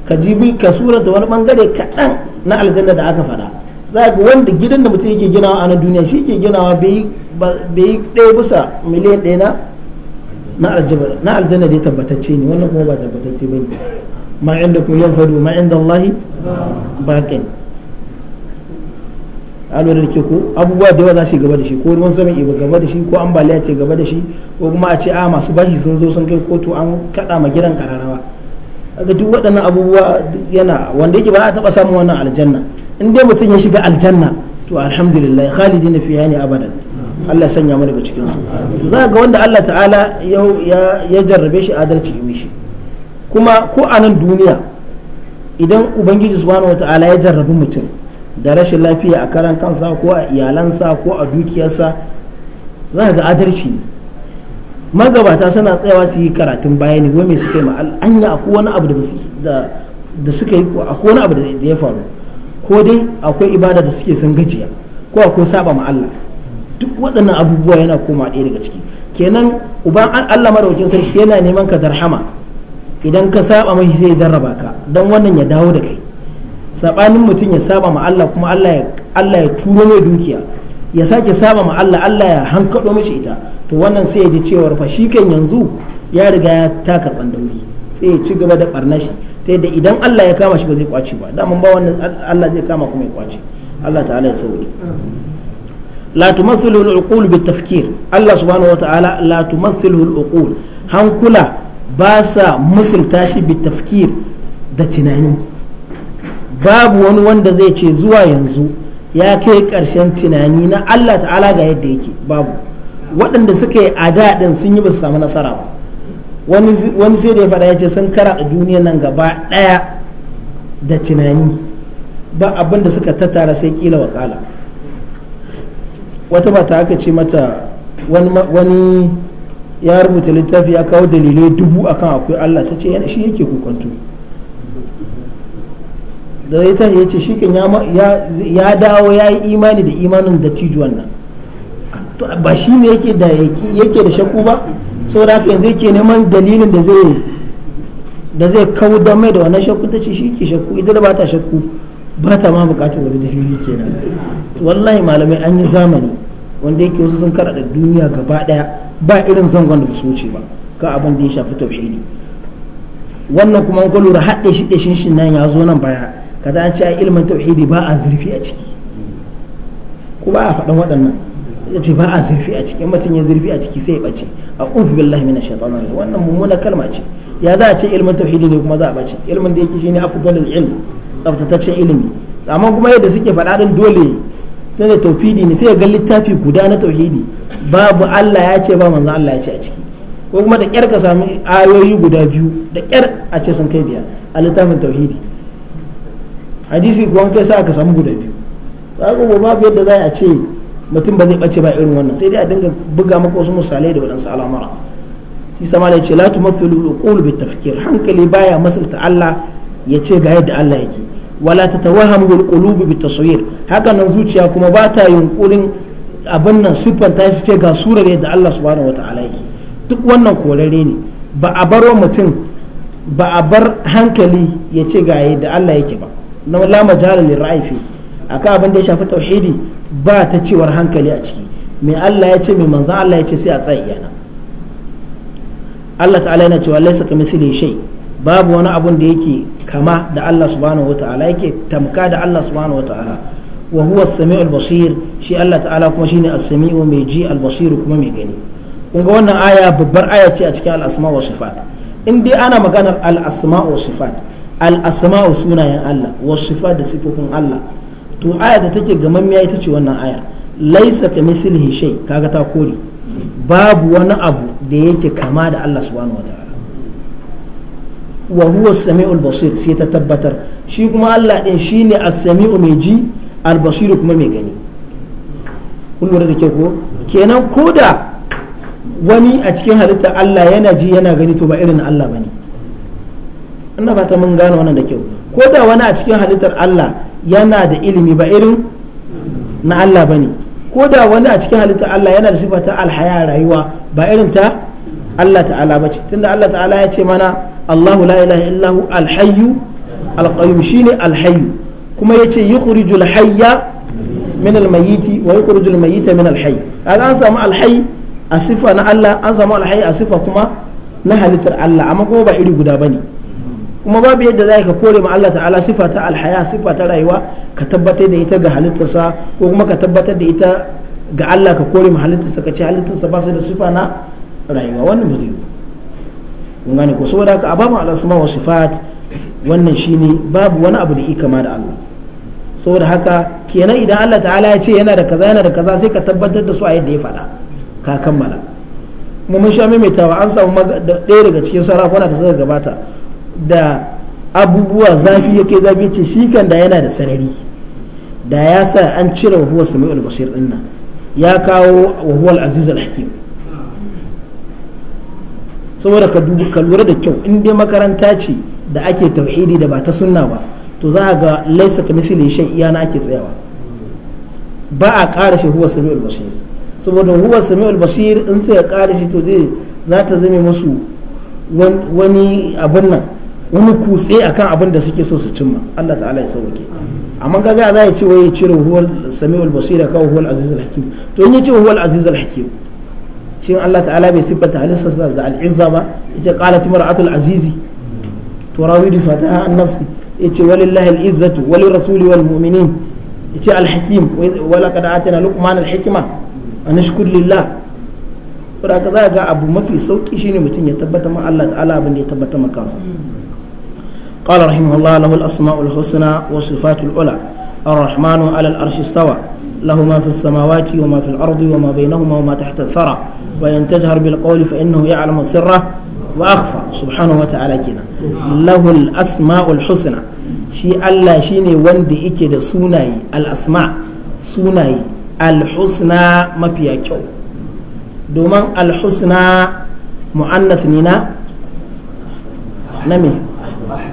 ka jibi ka surata wani bangare kaɗan na aljanna da aka faɗa za ga wanda gidan da mutum yake ginawa a na duniya shi ke ginawa bai yi ɗaya bisa miliyan ɗaya na na aljanna dai tabbatacce ne wannan kuma ba tabbatacce ba ne ma inda kuma yan fadu ma inda Allah ba alwala da ke ko abubuwa da yawa za su gaba da shi ko ruwan sama iya gaba da shi ko ambaliya ta gaba da shi ko kuma a ce a masu bashi sun zo sun kai kotu an kada ma gidan kararrawa daga duk waɗannan abubuwa yana wanda yake ba a taɓa samun wannan aljanna in dai mutum ya shiga aljanna to alhamdulillah na fiya ne abadan Allah sanya mu daga cikin su za za ga wanda Allah ta'ala ya jarrabe shi adalci yi shi kuma ko a nan duniya idan ubangiji subhanahu wataala ya jarrabi mutum da rashin lafiya a karan kansa ko a iyalansa ko a dukiyarsa za ga adalci ne magabata suna tsayawa su yi karatun bayani wai mai suka yi anya akwai wani abu da suka yi akwai wani abu da ya faru ko dai akwai ibada da suke sun gajiya ko akwai saba ma duk waɗannan abubuwa yana koma ɗaya daga ciki kenan uban Allah madaukakin sarki yana neman ka darhama idan ka saba mai sai ya jarraba ka dan wannan ya dawo da kai sabanin mutum ya saba ma Allah kuma Allah ya turo mai dukiya ya sake saba ma Allah Allah ya hankado mishi ita to wannan sai ya ji cewar fa shi kan yanzu ya riga ya taka tsandauri sai ya ci gaba da barnashi ta yadda idan Allah ya kama shi ba zai kwace ba daman ba wannan Allah zai kama kuma ya kwace Allah ta'ala ya sauke la tumathilu al-uqul bitafkir Allah subhanahu wa la tumathilu al-uqul hankula ba sa musulta shi tafkir da tunani babu wani wanda zai ce zuwa yanzu ya kai ƙarshen tunani na Allah ta'ala ga yadda yake babu waɗanda suka yi a ɗin sun yi ba su samu nasara ba wani sai da ya faɗa ya ce sun karaɗa duniya nan gaba ɗaya da tunani ba abin suka tattara sai kila wakala wata mata aka ce mata wani ya rubuta littafi ya kawo dalilai dubu akan akwai Allah ta ce shi yake kokonto da ya ta yace shi kan ya dawo ya yi imani da imanin da cijuwan nan ba shi ne yake da yake da shakku ba saboda haka yanzu yake neman dalilin da zai da zai kawo da mai da wannan shakku ta ce shi ke shakku ita da ba ta shakku ba ta ma bukatar wani dalili kenan wallahi malamai an yi zamani wanda yake wasu sun karada duniya gaba daya ba irin zangon da ba su wuce ba ka abin da ya shafi tauhidi wannan kuma an lura haɗe shi da shinshin nan ya zo nan baya kaza an ce a ilimin tauhidi ba a zurfi a ciki ko ba a faɗin waɗannan ya ce ba a zurfi a ciki mutum ya zurfi a ciki sai ya ɓace a uzu billahi mina shaitanar wannan mummuna kalma ce ya za a ce ilimin tauhidi ne kuma za a ɓace ilimin da yake shine afdalul ilm tsaftataccen ilimi amma kuma yadda suke faɗa din dole tana tauhidi ne sai ga littafi guda na tauhidi babu Allah ya ce ba manzon Allah ya ce a ciki ko kuma da kyar ka sami ayoyi guda biyu da kyar a ce sun kai biyar a littafin tauhidi hadisi kuwa kai sa aka samu guda biyu ku ko babu yadda za a ce mutum ba zai bace ba irin wannan sai dai a dinga buga maka wasu misalai da waɗansu al'amura shi sama da ce la tumathilu uqul bit tafkir hankali baya masalta Allah ya ce ga yadda Allah yake wala tatawahhamu bil qulubi bai taswir haka nan zuciya kuma ba ta yunkurin abin nan siffar ta shi ce ga surar yadda Allah subhanahu wataala yake duk wannan korare ne ba a baro mutum ba a bar hankali ya ce ga yadda Allah yake ba na la majala lil ra'yi fi akan abin da ya shafi tauhidi ba ta cewar hankali a ciki mai Allah ya ce me manzan Allah ya ce sai a tsaye yana Allah ta'ala yana cewa kamar kamithlihi shai babu wani abun da yake kama da Allah subhanahu wataala yake tamka da Allah subhanahu wataala wa huwa as-sami'ul basir shi Allah ta'ala kuma shine as-sami'u mai ji al-basir kuma mai gani kun ga wannan aya babbar aya ce a cikin al-asma wa sifat in dai ana maganar al-asma wa sifat al-asma'u sunayen Allah wasu fa da sifofin Allah to aya da take miya ita ce wannan ayar laisa ka mithlihi shay kaga ta kori babu wani abu da yake kama da Allah subhanahu wataala wa huwa samiul basir sai ta tabbatar shi kuma Allah din shine as-sami'u mai ji al-basir kuma mai gani kun lura da ke ko kenan koda wani a cikin halitta Allah yana ji yana gani to ba irin Allah bane ina fata mun gane wannan da kyau ko da wani a cikin halittar Allah yana da ilimi ba irin na Allah ne ko da wani a cikin halittar Allah yana da sifata alhaya rayuwa ba irin ta Allah ta'ala ce tunda Allah ta'ala ya ce mana Allahu la ilaha illahu alhayyu alqayyum shine alhayyu kuma yace yukhrijul hayya min almayyiti wa yukhrijul mayyita min alhayy kaga an samu alhayy a sifa na Allah an samu alhayy a sifa kuma na halittar Allah amma kuma ba iri guda bane kuma babu yadda za ka kore ma Allah ta'ala sifa ta alhaya sifa ta rayuwa ka tabbatar da ita ga halittarsa ko kuma ka tabbatar da ita ga Allah ka kore ma halittarsa ka ce halittarsa ba su da sifa na rayuwa wannan ba zai yi kun gane ko saboda haka abama Allah sama wa sifat wannan shine babu wani abu da yi kama da Allah saboda haka kenan idan Allah ta'ala ya ce yana da kaza yana da kaza sai ka tabbatar da su a yadda ya faɗa ka kammala kuma mun sha maimaitawa an samu ɗaya daga cikin sarakuna da suka gabata da abubuwa zafi yake zafi ce shi kan da yana da sarari da ya sa an cire wa huwar sami'ul bashir din nan ya kawo wa huwar aziz al-hakim saboda ka ka lura da kyau in dai makaranta ce da ake tauhidi da ba ta sunna ba to za a ga laisa ka misali shan na ake tsayawa ba a ƙara shi huwa sami'ul bashir saboda huwa sami'ul basir in sai ya ƙara shi to zai za ta zame musu wani abin nan wani kutse akan abin da suke so su cimma Allah ta'ala ya sauke amma kaga za ya ce wai ya cire huwal samiul basira ka huwal azizul hakim to in ya ce huwal azizul hakim shin Allah ta'ala bai siffata halittarsa da al'izza ba yace qalat mar'atul azizi turawidu fataha an nafsi yace walillahi al'izzatu walil rasuli wal mu'minin yace al-hakim wa laqad atana luqman al-hikma an ashkur lillah saboda ka za ga abu mafi sauki shine mutum ya tabbata ma Allah ta'ala abin da ya tabbata ma kansa قال رحمه الله له الأسماء الحسنى والصفات العلى الرحمن على الأرش استوى له ما في السماوات وما في الأرض وما بينهما وما تحت الثرى وإن تجهر بالقول فإنه يعلم سره وأخفى سبحانه وتعالى كنا له الأسماء الحسنى شي الله شيني وندي إكيد سوناي الأسماء سوناي الحسنى ما فيها كو دوما الحسنى مؤنث نينا نمي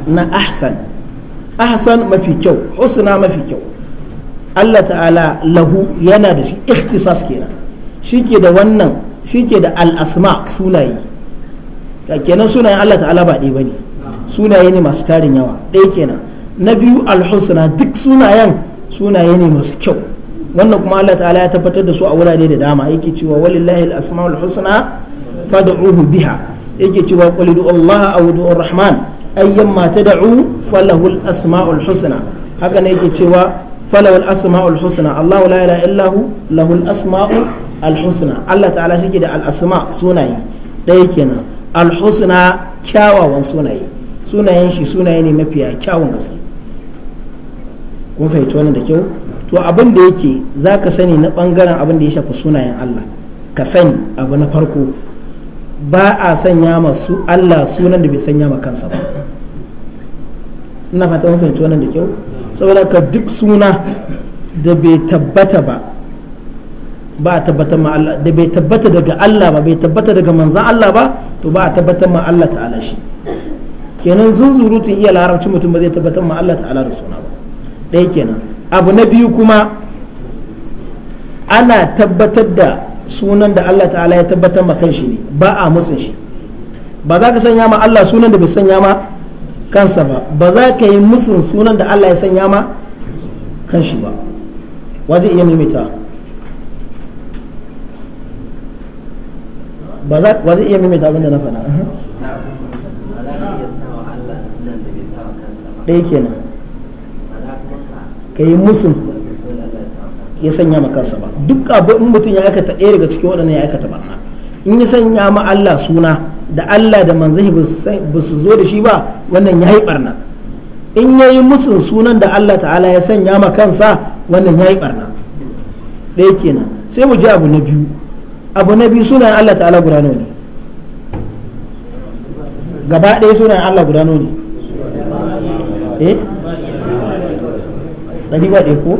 na ahsan ahsan mafi kyau husna mafi kyau Allah ta'ala lahu yana da shi ikhtisas kenan shike da wannan shike da al-asma kenan sunayen Allah ta'ala ba ɗaya bane sunaye ne masu tarin yawa ɗaya kenan na biyu al-husna duk sunayen sunaye ne masu kyau wannan kuma Allah ta'ala ya tabbatar da su a wurare da dama yake cewa walillahi al-asmaul husna fad'uhu biha yake cewa qul du'u Allah aw du'u rahman ayyan da tad'u falahul asmaul husna haka ne yake cewa falahul asmaul husna Allahu la ilaha illahu lahul asmaul alhusna Allah ta'ala shi ke da al'asma sunaye ɗaya kenan husna kyawawan sunaye sunayen shi sunaye ne mafiya kyawun gaske kun fahimci wannan da kyau to abin da yake za ka sani na ɓangaren abin da ya shafi sunayen Allah ka sani abu na farko ba a sanya masu Allah sunan da bai sanya ma kansa ba ina fata mun fahimci wannan da kyau saboda ka duk suna da bai tabbata ba ba a tabbatar ma Allah da bai tabbata daga Allah ba bai tabbata daga manzan Allah ba to ba a tabbatar ma Allah ta'ala shi kenan zunzurutun iya larabci mutum ba zai tabbatar ma Allah ta'ala da suna ba ɗaya kenan abu na biyu kuma ana tabbatar da sunan da Allah ta'ala ya tabbatar ma kanshi ne ba a mutsin shi ba za ka sanya ma Allah sunan da bai sanya ma kansa ba ba za ka yi musun sunan da Allah ya sanya ma kanshi ba wa zai iya mimita ba za wa zai iya mimita abinda na faɗa ɗaya kenan ka yi musun ya sanya ma kansa ba duk abu in mutum ya aikata ɗaya daga cikin waɗannan ya aikata barna in ya sanya ma Allah suna da Allah da manzahi ba su zo da shi ba wannan ya yi barna in ya yi musu sunan da Allah ta'ala ya sanya ma kansa wannan ya yi barna ɗaya kenan sai mu ji abu na biyu abu na biyu sunayen Allah ta'ala guda nawa ne gaba ɗaya sunayen Allah guda nawa ne eh ɗari ba ɗaya ko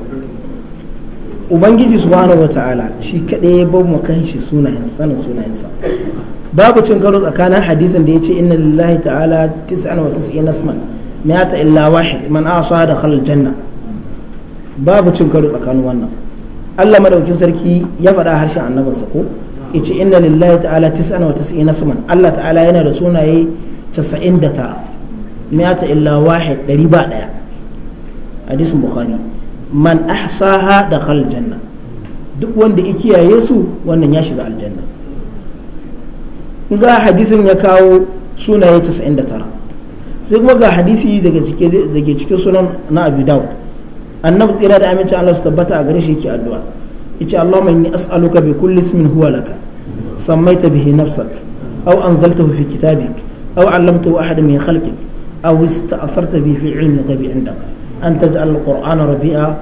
ubangiji subhanahu wata'ala shi kaɗai ya bau mu shi sunayen sanin sa babu cin karo tsakanin hadisin da ya ce inna lillahi ta'ala tis'ana wa tis'ina asman illa wahid man asa da khalal janna babu cin karo tsakanin wannan Allah madaukin sarki ya faɗa harshen annabinsa ko yace inna lillahi ta'ala tis'ana wa tis'ina Allah ta'ala yana da sunaye 99 mi'ata illa wahid 100 ba daya hadisin bukhari man ahsaha da janna duk wanda ya kiyaye su wannan ya shiga aljanna ga hadisin ya kawo sunaye 99 sai kuma ga hadisi da ke cikin sunan na abu daud annabi tsira da amincin allah su tabbata a gare shi yake addu'a yace allahumma inni as'aluka bi kulli ismin huwa laka sammaita bihi nafsak aw anzaltahu fi kitabik aw 'allamtahu ahadan min khalqik aw ista'tharta bihi fi ilmi indaka أن تجعل القرآن ربيع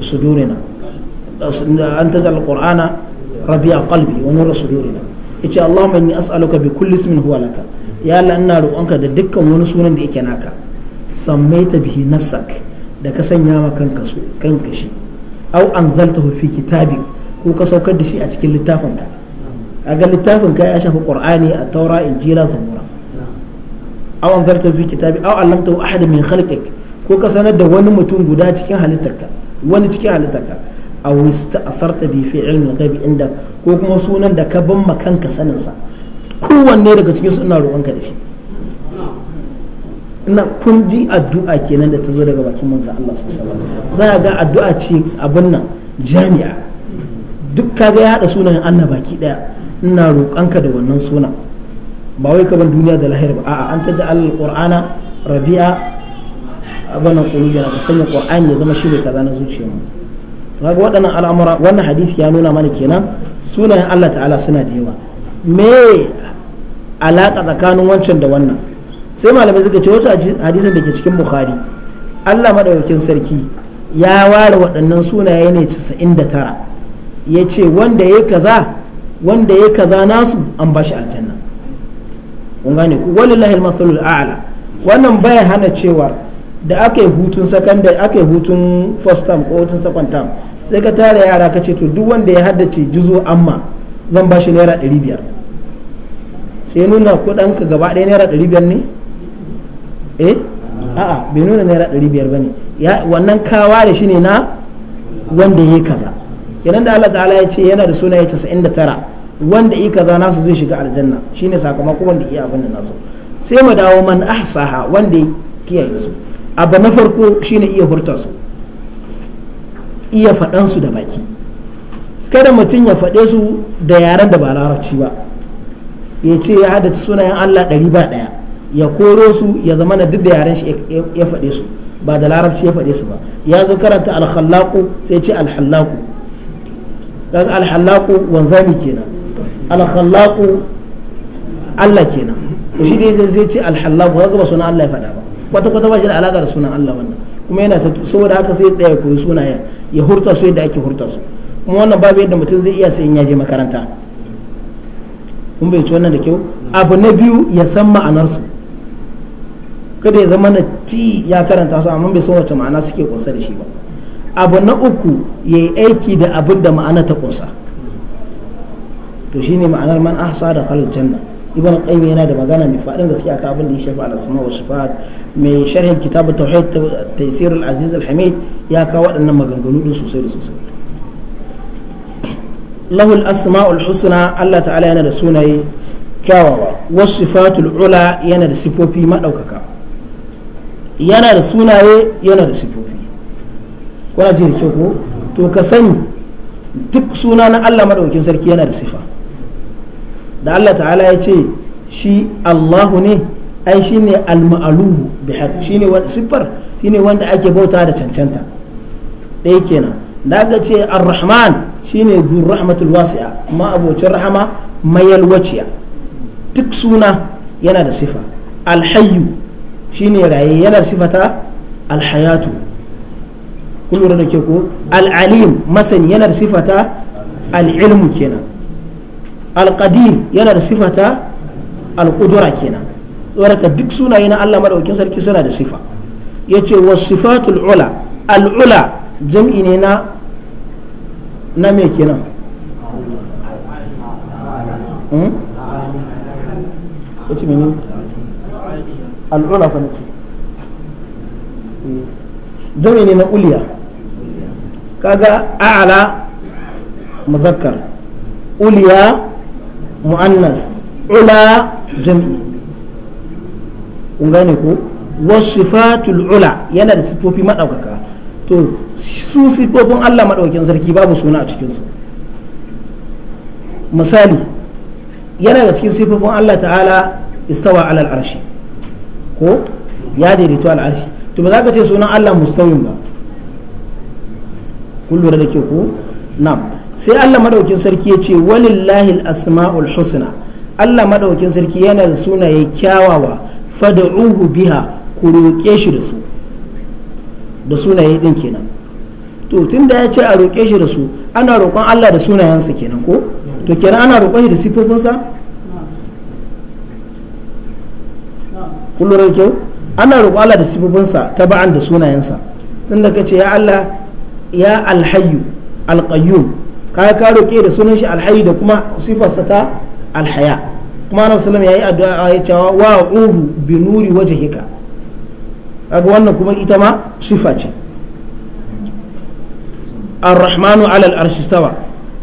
صدورنا أن تجعل القرآن ربيع قلبي ونور صدورنا yace Allahumma inni as'aluka bi kulli ismin huwa laka ina roƙonka da dukkan wani sunan da yake naka sammaita bihi nafsak da ka sanya ma kanka su kanka shi aw anzaltahu ko ka saukar a cikin littafin ka ga littafin ya qur'ani a min khalqik ko ka sanar da wani mutum guda cikin halittarka wani cikin halittarka a wista a farta bi fi ilmin bi inda ko kuma sunan da ka ban makanka saninsa kowanne daga cikin suna roƙon ka da shi ina kun ji addu'a kenan da ta zo daga bakin manzo Allah sallallahu alaihi wasallam za a ga addu'a ce abin nan jami'a duk kaga ya hada sunayen Allah baki daya ina ka da wannan sunan ba wai ka ban duniya da lahira ba a'a an al qur'ana rabi'a abana qulubina ka sanya qur'ani ya zama shine kaza na zuciyar mu to kaga waɗannan al'amura wannan hadisi ya nuna mana kenan sunayen Allah ta'ala suna da yawa me alaka tsakanin wancan da wannan sai malamai suka ce wata hadisin da ke cikin bukhari Allah madaukakin sarki ya ware waɗannan sunaye ne 99 ya ce wanda ya kaza wanda ya kaza nasu an bashi aljanna kun gane ku walillahi al-mathalul a'la wannan baya hana cewar da aka yi hutun sakandare aka yi hutun first term ko hutun second term sai ka tara yara ka ce to duk wanda ya haddace jizo amma zan ba shi naira ɗari biyar sai nuna kudan ka gaba ɗaya naira ɗari biyar ne eh a'a bai nuna naira ɗari biyar ba ne wannan kawa da shi ne na wanda ya yi kaza kenan da Allah ta'ala ya ce yana da suna ya casa'in da tara wanda yi kaza nasu zai shiga aljanna shine sakamakon wanda iya abin da nasu sai mu dawo man ahsaha wanda ya kiyaye su abu na farko shine iya furta su iya faɗan su da baki kada mutum ya faɗe su da yaren da ba larabci ba ya ce ya haddace sunayen Allah ɗari ba ɗaya ya koro su ya zama na duk da yaren shi ya faɗe su ba da larabci ya faɗe su ba ya zo karanta alhallaku sai ce alhallaku kaga alhallaku wanzami kenan alhallaku Allah kenan shi dai zai ce alhallaku kaga ba sunan Allah ya faɗa ba kwata kwata ba shi da alaka da sunan Allah wannan kuma yana ta saboda haka sai tsaya ya koyi sunayen ya hurta su yadda ake hurta su kuma wannan babu yadda mutum zai iya sai ya je makaranta kun bai ci wannan da kyau abu na biyu ya san ma'anar su kada ya zama na ti ya karanta su amma bai san wace ma'ana suke kunsa da shi ba abu na uku ya yi aiki da abin da ma'ana ta kunsa to shine ma'anar man ahsa da khalal janna ibn qayyim yana da magana mai fadin gaskiya ka abin da ya shafi al-asma wa sifat mai sharhin kitab tauhid taysir al-aziz al-hamid ya kawo waɗannan maganganu din sosai da sosai lahu al al husna Allah ta'ala yana da sunaye kyawawa was sifatul ula yana da sifofi madaukaka yana da sunaye yana da sifofi kuna ji da kyau ko to ka sani duk suna na Allah madaukakin sarki yana da sifa da Allah ta'ala ya ce shi Allahu ne ai shi ne al-ma'aluhu bi haq shi ne siffar shi ne wanda ake bauta da cancanta ɗaya kenan da aka ce ar-rahman shi ne zur rahmatul wasi'a ma abocin rahama mayalwaciya duk suna yana da sifa alhayu shi ne raye yana da sifata alhayatu kun da ke ko al'alim masani yana da sifata al'ilmu kenan alƙadir yana da sifata alƙudura kenan tsoraka duk sunaye na Allah maɗaukin sarki suna da sifa ya ce wa sifatul ula al'ula jam'i ne na na me kenan hmm? al'ula fa hmm. jam'i ne na uliya kaga a'ala muzakkar uliya mu'annas ula jam'i kun gane ko wasifatul ula yana da sifofi madaukaka to su sifofin Allah madaukakin sarki babu suna a cikin su misali yana da cikin sifofin Allah ta'ala istawa alal arshi ko ya daidaito al arshi to ba za ka ce sunan Allah mustawin ba kun lura da ke ko na'am sai Allah madaukin sarki ya ce walillahi asma'ul husna Allah madaukin sarki yana da sunaye kyawawa fad'uhu biha ku roƙe shi da su da sunaye din kenan to tunda ya ce a roƙe shi da su ana roƙon Allah da sunayensa kenan ko to kenan ana roƙon shi da sifofinsa kullum kyau ana roƙon Allah da sifofinsa taba'an da sunayensa tunda kace ya Allah ya alhayyu alqayyum ka ka roke da sunan shi alhayi da kuma sifarsa ta alhaya kuma nan sallam yayi addu'a ya cewa wa uzu bi nuri wajhika kaga wannan kuma ita ma sifa ce ar-rahmanu alal arshi stawa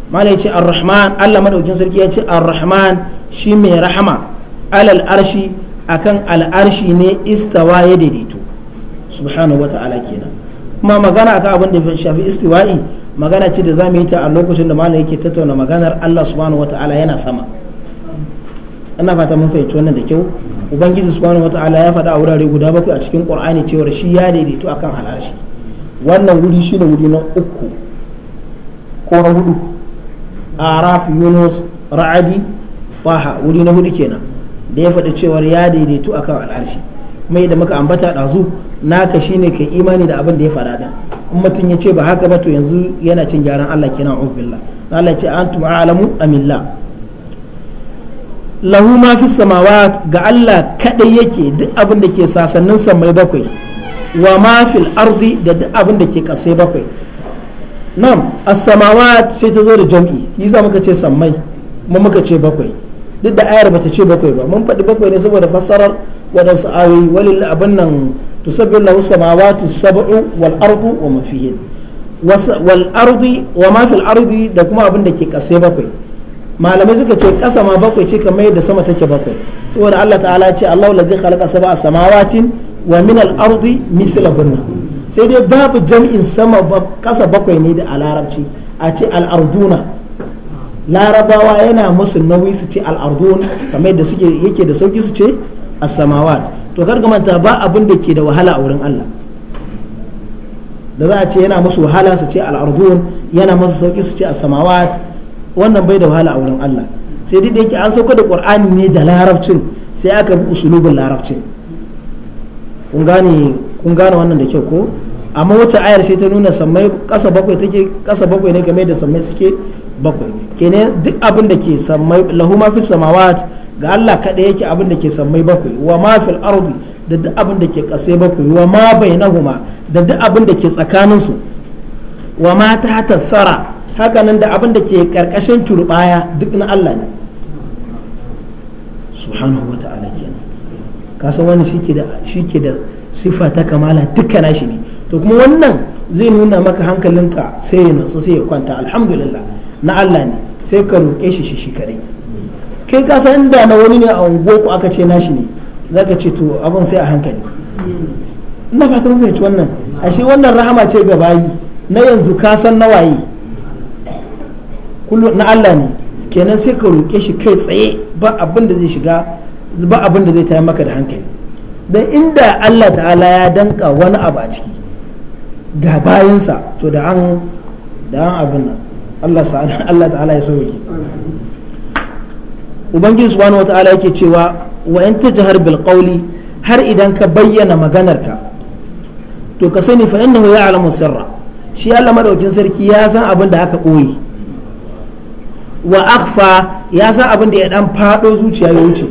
malai yace ar-rahman Allah madaukin sarki ya ar-rahman shi mai rahama alal arshi akan al'arshi ne istawa ya daidaito subhanahu wata'ala kenan kuma magana akan abin da shafi istiwa'i magana ce da zamu yi ta a lokacin da malam yake tattauna maganar Allah subhanahu wata'ala yana sama ina fata mun fahimci wannan da kyau ubangiji subhanahu wata'ala ya faɗa a wurare guda bakwai a cikin qur'ani cewar shi ya daidaito akan halashi wannan wuri shine wuri na uku ko na hudu araf yunus ra'adi baha wuri na hudu kenan da ya faɗi cewar ya daidaito akan al'arshi kuma idan muka ambata dazu naka shine kai imani da abin da ya fara da in mutum ya ce ba haka ba to yanzu yana cin gyaran Allah kenan uf billah Allah ya ce antum a'lamu amilla lahu ma fi samawat ga Allah kadai yake duk abin da ke sasannin samai bakwai wa ma fil ardi da duk abin da ke kase bakwai nam as-samawat sai ta zo da jam'i za muka ce sammai mu muka ce bakwai duk da ayar bata ce bakwai ba mun faɗi bakwai ne saboda fassarar waɗansu ayoyi walil abin nan تسبح له السماوات السبع وما فيهن وما في da kuma abin da ke kase bakwai malamai suka ce kasa ma bakwai ce kamar yadda sama take bakwai saboda Allah ta'ala ce Allah ladzi khalaqa sab'a samawatin wa min al-ardi mithlahunna sai dai babu jam'in sama kasa bakwai ne da alarabci a ce al-arduna larabawa yana musu nauyi su ce al-ardun kamar yadda suke yake da sauki su ce as-samawat to manta ba abin da ke da wahala a wurin Allah da za a ce yana musu wahala su ce al'ardun yana musu sauki su ce as-samawat wannan bai da wahala a wurin Allah sai duk da yake an sauka da qur'ani ne da larabcin sai aka bi usulubin larabcin kun gane kun gane wannan da kyau ko amma wacce ayar sai ta nuna sammai kasa bakwai take kasa bakwai ne game da sammai suke bakwai kene duk abin da ke sammai lahu ma fi samawat ga Allah kada yake abin da ke sammai bakwai wa ma fil ardi da duk abin da ke kase bakwai wa ma bainahuma da duk abin da ke tsakanin su wa ma ta tathara haka nan da abin da ke karkashin turbaya duk na Allah ne subhanahu wa ta'ala kenan san wani shike da shike da sifa ta kamala duka nashi ne to kuma wannan zai nuna maka hankalinka sai ya nutsu sai ya kwanta alhamdulillah na Allah ne sai ka roƙe shi shi kadai kai ka san da na wani ne a ko aka ce nashi ne zaka ce to abin sai a hankali ina fatan fahimci wannan ashe wannan rahama ce ga bayi na yanzu ka san na waye kullu na Allah ne kenan sai ka roƙe shi kai tsaye ba abin da zai shiga ba abin da zai tayar maka da hankali dan inda Allah ta'ala ya danka wani abu a ciki ga bayinsa to da an da an abin nan Allah sa'ana Allah ta'ala ya sauke ubangiji subhanahu wata'ala yake cewa wa in tajhar bil qawli har idan ka bayyana maganarka to ka sani fa innahu ya'lamu sirra shi Allah madaukin sarki ya san abin da aka koyi wa akhfa ya san abin da ya dan fado zuciya ya wuce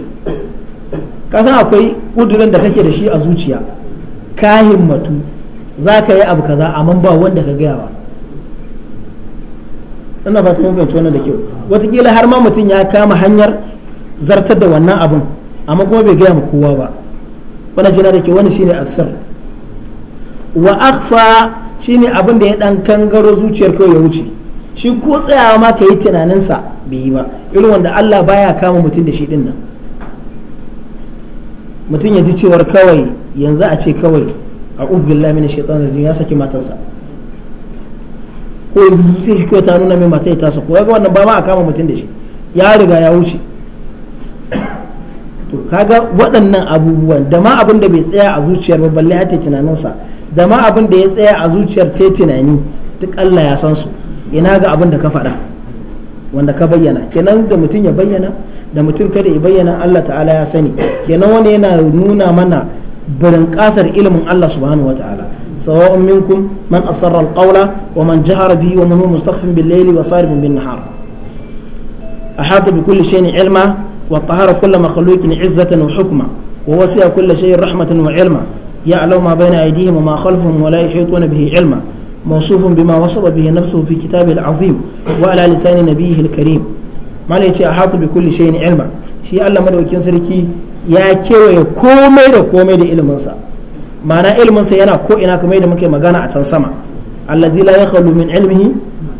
ka san akwai kudurin da kake da shi a zuciya ka himmatu za ka yi abu kaza amma ba wanda ka gaya ba ina ba ta fahimci wannan da kyau watakila har ma mutum ya kama hanyar zartar da wannan abun amma kuma bai gaya ma kowa ba wani jina da kyau wani shine asir wa akfa shine abin da ya dan kangaro zuciyar kawai ya wuce shi ko tsayawa ma ka yi tunaninsa bai yi ba irin wanda Allah baya kama mutum da shi din nan mutum ya ji cewar kawai yanzu a ce kawai a uf billahi minash shaitanir rajim ya saki matarsa ko zuciya shi kawai ta nuna mai matai ya tasa ya ga wannan ba ma a kama mutum da shi ya riga ya wuce to kaga waɗannan abubuwan da ma abin da bai tsaya a zuciyar ba balle har ta tunaninsa da ma abin da ya tsaya a zuciyar ta tunani duk Allah ya san su ina ga abin da ka faɗa wanda ka bayyana kenan da mutum ya bayyana da mutum kada ya bayyana Allah ta'ala ya sani kenan wani yana nuna mana birin kasar ilimin Allah subhanahu wa ta'ala سواء منكم من أسر القول ومن جهر به ومن هو مستخف بالليل وصارب بالنهار أحاط بكل شيء علما وطهر كل مخلوق عزة وحكما ووسع كل شيء رحمة وعلما يعلم ما بين أيديهم وما خلفهم ولا يحيطون به علما موصوف بما وصف به نفسه في كتابه العظيم وعلى لسان نبيه الكريم ما لا أحاط بكل شيء علما شيء الله مدوكين سركي يا كيوي كومي دا كومي دا إلمنسا ma'ana ilmin sa yana ko ina kamar yadda muke magana a can sama alladhi la yakhlu min ilmihi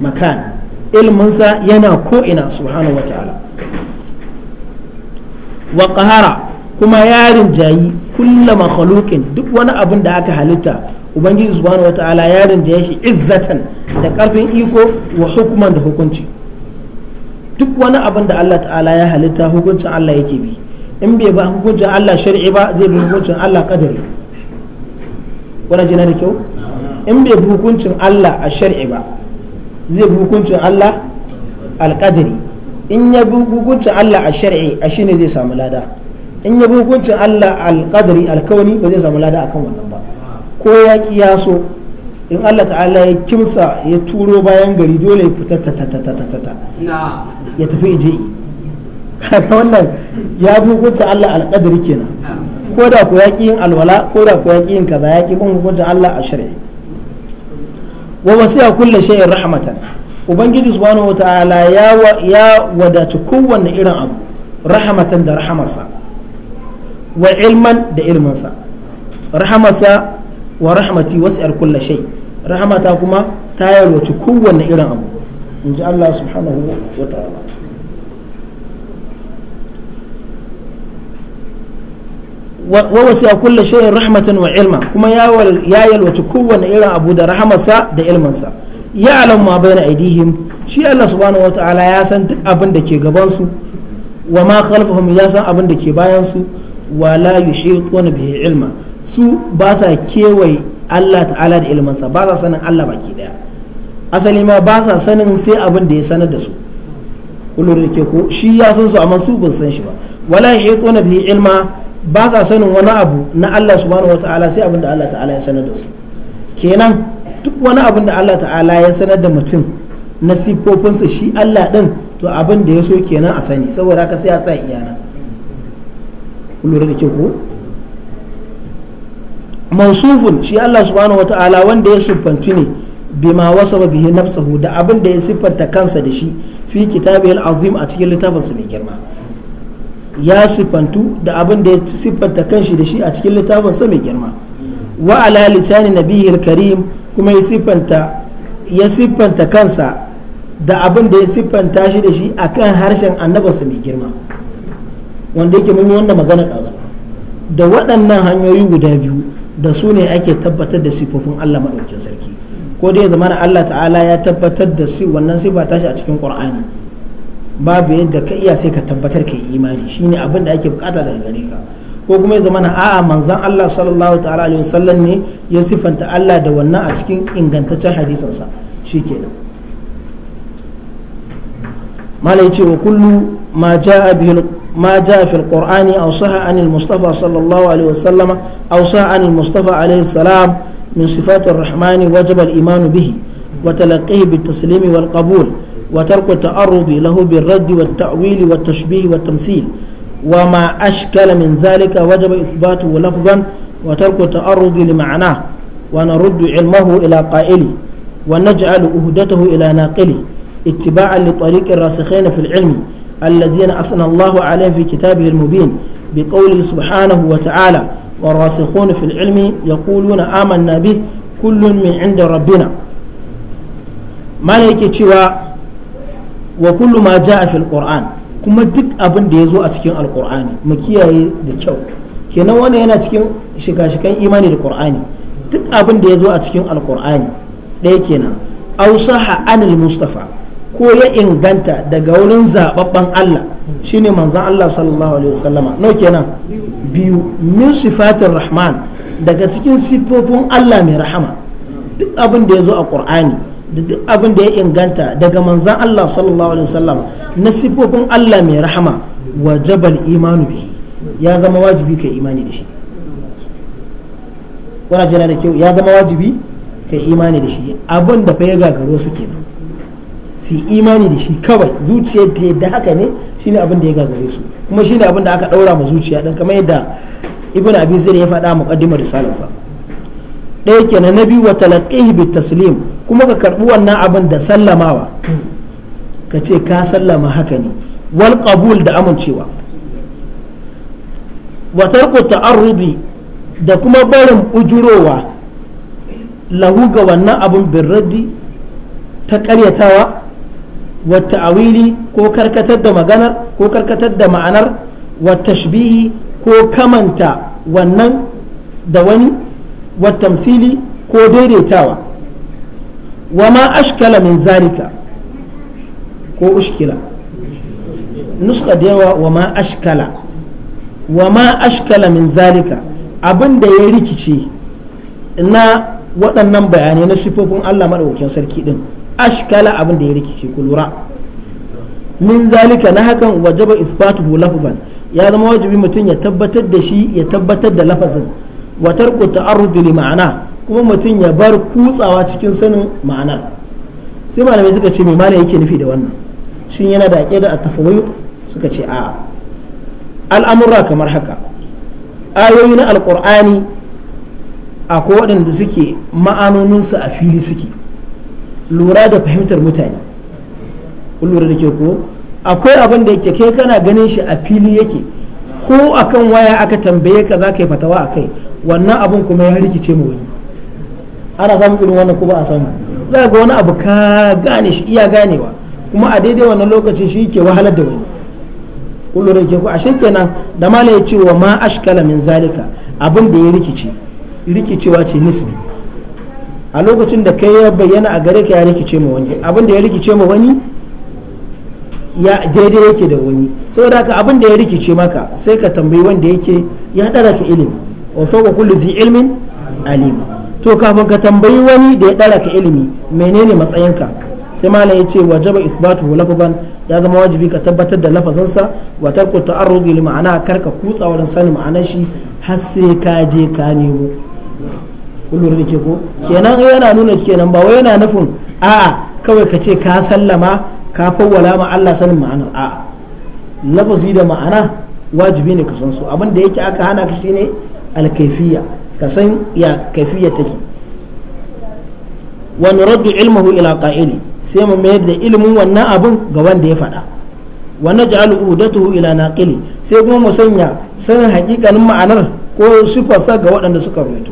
makan ilmin sa yana ko ina subhanahu wata'ala wa qahara kuma yarin jayi kullu makhluqin duk wani abin da aka halitta ubangiji subhanahu wata'ala yarin da yashi izzatan da karfin iko wa hukuman da hukunci duk wani abin da Allah ta'ala ya halitta hukuncin Allah yake bi in bai ba hukuncin Allah shar'i ba zai bi hukuncin Allah kadari Wani jina da kyau in bai bi hukuncin Allah a shar'i ba zai bi hukuncin Allah alƙadari in ya bi hukuncin Allah a shar'i a shi ne zai samu lada in ya bi hukuncin Allah alƙadari alkauni ba zai samu lada akan wannan ba ko ya kiyaso in Allah ta'ala ya kimsa ya turo bayan gari dole ya fita ta ta ta ta ta ta ya tafi je wannan ya bi hukuncin Allah alƙadari kenan ko da ku yaƙi yin alwala ko da ku yaƙi yin kaza yaƙi bin hukuncin Allah a shari'i wa wasiya kulle shay'in rahmatan ubangiji subhanahu wataala ya ya wadaci kowanne irin abu rahmatan da rahamarsa wa ilman da ilminsa rahamarsa wa rahmati wasi'ar kulle shay rahmata kuma ta yalwaci kowanne irin abu in ji Allah subhanahu wataala wa a kulle shay'in rahmatan wa ilma kuma ya yalwaci kowane irin abu da rahamarsa da ilminsa ya alam ma na aidihim shi Allah subhanahu ta'ala ya san duk abin da ke gaban su wa ma khalfahum ya san abin da ke bayan su wa la yuhituna bihi ilma su ba sa kewaye Allah ta'ala da ilminsa ba sa sanin Allah baki daya asali ma ba sa sanin sai abin da ya sanar da su kullu da ke ko shi ya san su amma su ban san shi ba wala yuhituna bihi ilma ba sa sanin wani abu na Allah subhanahu ta'ala sai abin da Allah ta'ala ya sanar da su kenan duk wani abin da Allah ta'ala ya sanar da mutum na sifofinsa shi Allah din to abin da ya so kenan a sani saboda haka sai a sa iyana lura da ke mansufun shi Allah subhanahu ta'ala wanda ya siffantu ne bima ba bihi nafsahu da abin da ya siffanta kansa da shi fi kitabil azim a cikin littafinsa mai girma ya sifantu da abin da ya siffanta kanshi da shi a cikin littafin sa mai girma wa ala lisani nabiyil karim kuma ya siffanta ya siffanta kansa da abin da ya siffanta shi da shi akan harshen annabinsa mai girma wanda yake mun wannan magana ɗazu da waɗannan hanyoyi guda biyu da su ne ake tabbatar da siffofin Allah maɗaukin sarki ko dai zamana Allah ta'ala ya tabbatar da wannan siffa tashi a cikin Qur'ani babu yadda ka iya sai ka tabbatar ka yi imani shine abin da ake bukata daga gare ka ko kuma ya zamana a'a manzan Allah sallallahu ta'ala alaihi wasallam ne ya sifanta Allah da wannan a cikin ingantaccen hadisansa shikenan malai ce wa kullu ma jaa bihi ما جاء في القرآن أو صح عن المصطفى صلى الله عليه وسلم أو صح عن المصطفى عليه السلام من صفات الرحمن وجب الإيمان به وتلقيه بالتسليم والقبول وترك التعرض له بالرد والتأويل والتشبيه والتمثيل وما أشكل من ذلك وجب إثباته لفظا وترك التعرض لمعناه ونرد علمه إلى قائله ونجعل أهدته إلى ناقله اتباعا لطريق الراسخين في العلم الذين أثنى الله عليهم في كتابه المبين بقوله سبحانه وتعالى والراسخون في العلم يقولون آمنا به كل من عند ربنا ما لك wa kullu ma ja'a fil qur'an kuma duk abin da ya zo a cikin alqur'ani mu kiyaye da kyau kenan wannan yana cikin shika-shikan imani da qur'ani duk abin da ya zo a cikin alqur'ani ɗaya kenan aw saha anil mustafa ko ya inganta daga wurin zababban Allah shine manzon Allah sallallahu alaihi wasallama no kenan biyu min sifatir rahman daga cikin sifofin Allah mai rahama duk abin da ya zo a qur'ani da duk abin da ya inganta daga manzan Allah sallallahu alaihi wasallam na sifofin Allah mai rahama wa jabal imanu bihi ya zama wajibi kai imani da shi kuna jana da kyau ya zama wajibi kai imani da shi abin da fa ya gagaro su kenan su imani da shi kawai zuciya ta yadda haka ne shine abin da ya gagare su kuma shine abin da aka daura ma zuciya dan kamar yadda ibnu abi zaid ya faɗa muqaddimar risalarsa ɗaya kenan na biyu wa talaqqihi bit taslim kuma ka karɓi wannan abin da sallamawa ka ce ka sallama haka ne wal qabul da amincewa wa tarku ta'arrudi da kuma barin ujurowa lahu ga wannan abin birraddi ta karyatawa wa ta'awili ko karkatar da maganar ko karkatar da ma'anar wa tashbihi ko kamanta wannan da wani wa tamsili ko daidaitawa wa ma ashkala min da yawa wa ma ashkala wa ma min zalika abin ya rikice na waɗannan bayanai na sifofin Allah maɗaukakin sarki ɗin ashkala abin da ya rikice ku lura min zalika na hakan wajaba isbatuhu lafzan ya zama wajibi mutum ya tabbatar da shi ya tabbatar da lafazin wa tarku ta'arrud li ma'ana kuma mutum ya bar kutsawa cikin sanin ma'anar sai malamai suka ce mai mana yake nufi da wannan shin yana da da a tafawai suka ce a al'amurra kamar haka ayoyi na a ko waɗanda suke ma'anoninsu a fili suke lura da fahimtar mutane lura da ke ko akwai abin da yake kai kana ganin shi a fili yake ko akan waya aka tambaye ka za ka yi fatawa a kai wannan abin kuma ya rikice mu wani ana samun irin wannan ko ba a samu za ga wani abu ka gane shi iya ganewa kuma a daidai wannan lokacin shi ke wahalar da wani kullum da ke ku ashe kenan da mala ya ce wa ma ashkala min zalika abin da ya rikice rikicewa ce nisbi a lokacin da kai ya bayyana a gare ka ya rikice ma wani abin da ya rikice ma wani ya daidai yake da wani saboda haka abin da ya rikice maka sai ka tambayi wanda yake ya dara ka ilimi wa fawqa kulli dhi ilmin alim to kafin ka tambayi wani da ya ɗara ka ilimi menene matsayinka sai malam ya ce jaba isbatu lafazan ya zama wajibi ka tabbatar da lafazansa wa tarku ta'arrudi li ma'ana kar ka kutsa wurin sanin ma'anar shi har sai ka je ka nemo kullum da ke ko kenan yana nuna kenan ba wai yana nufin a'a kawai ka ce ka sallama ka fawwala ma Allah sanin ma'anar a'a lafazi da ma'ana wajibi ne ka san su abin da yake aka hana ka shine alkaifiyya ka san ya kafiya take wa nuraddu ilmuhu ila qa'ili sai mu mayar da ilimin wannan abun ga wanda ya faɗa wa naj'alu udatuhu ila naqili sai kuma mu sanya sanin hakikanin ma'anar ko sifarsa ga waɗanda suka rubuta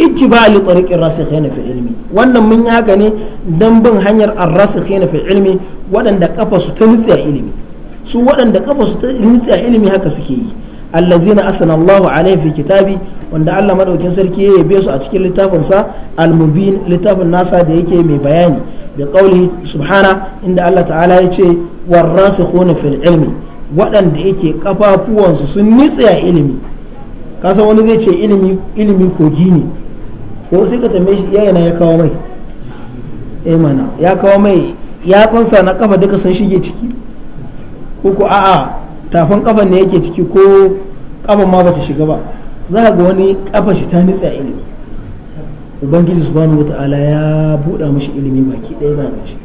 ittiba li tariqi rasikhina fi ilmi wannan mun yi haka ne dan bin hanyar ar-rasikhina fi ilmi waɗanda kafa su ta nitsi a ilimi su waɗanda kafa su ta nitsi a ilimi haka suke yi allazina asana Allahu alaihi fi kitabi wanda Allah madaukin sarki ya yabe su a cikin littafin sa al littafin nasa da yake mai bayani da qawlihi subhana inda Allah ta'ala ya ce kone fil ilmi waɗanda yake kafafuwansu sun ya ilimi kasan wani zai ce ilimi ilimi kogi ne ko sai ka tambaye shi na ya kawo mai eh ya kawo mai ya tsansa na kafa duka sun shige ciki ko ko a'a tafin kafan ne yake ciki ko kafan ma bata shiga ba za ka ga wani kafa shi ta nitsa ilimi ubangiji subhanahu wata'ala ya buɗa mashi ilimi baki ɗaya za ga shi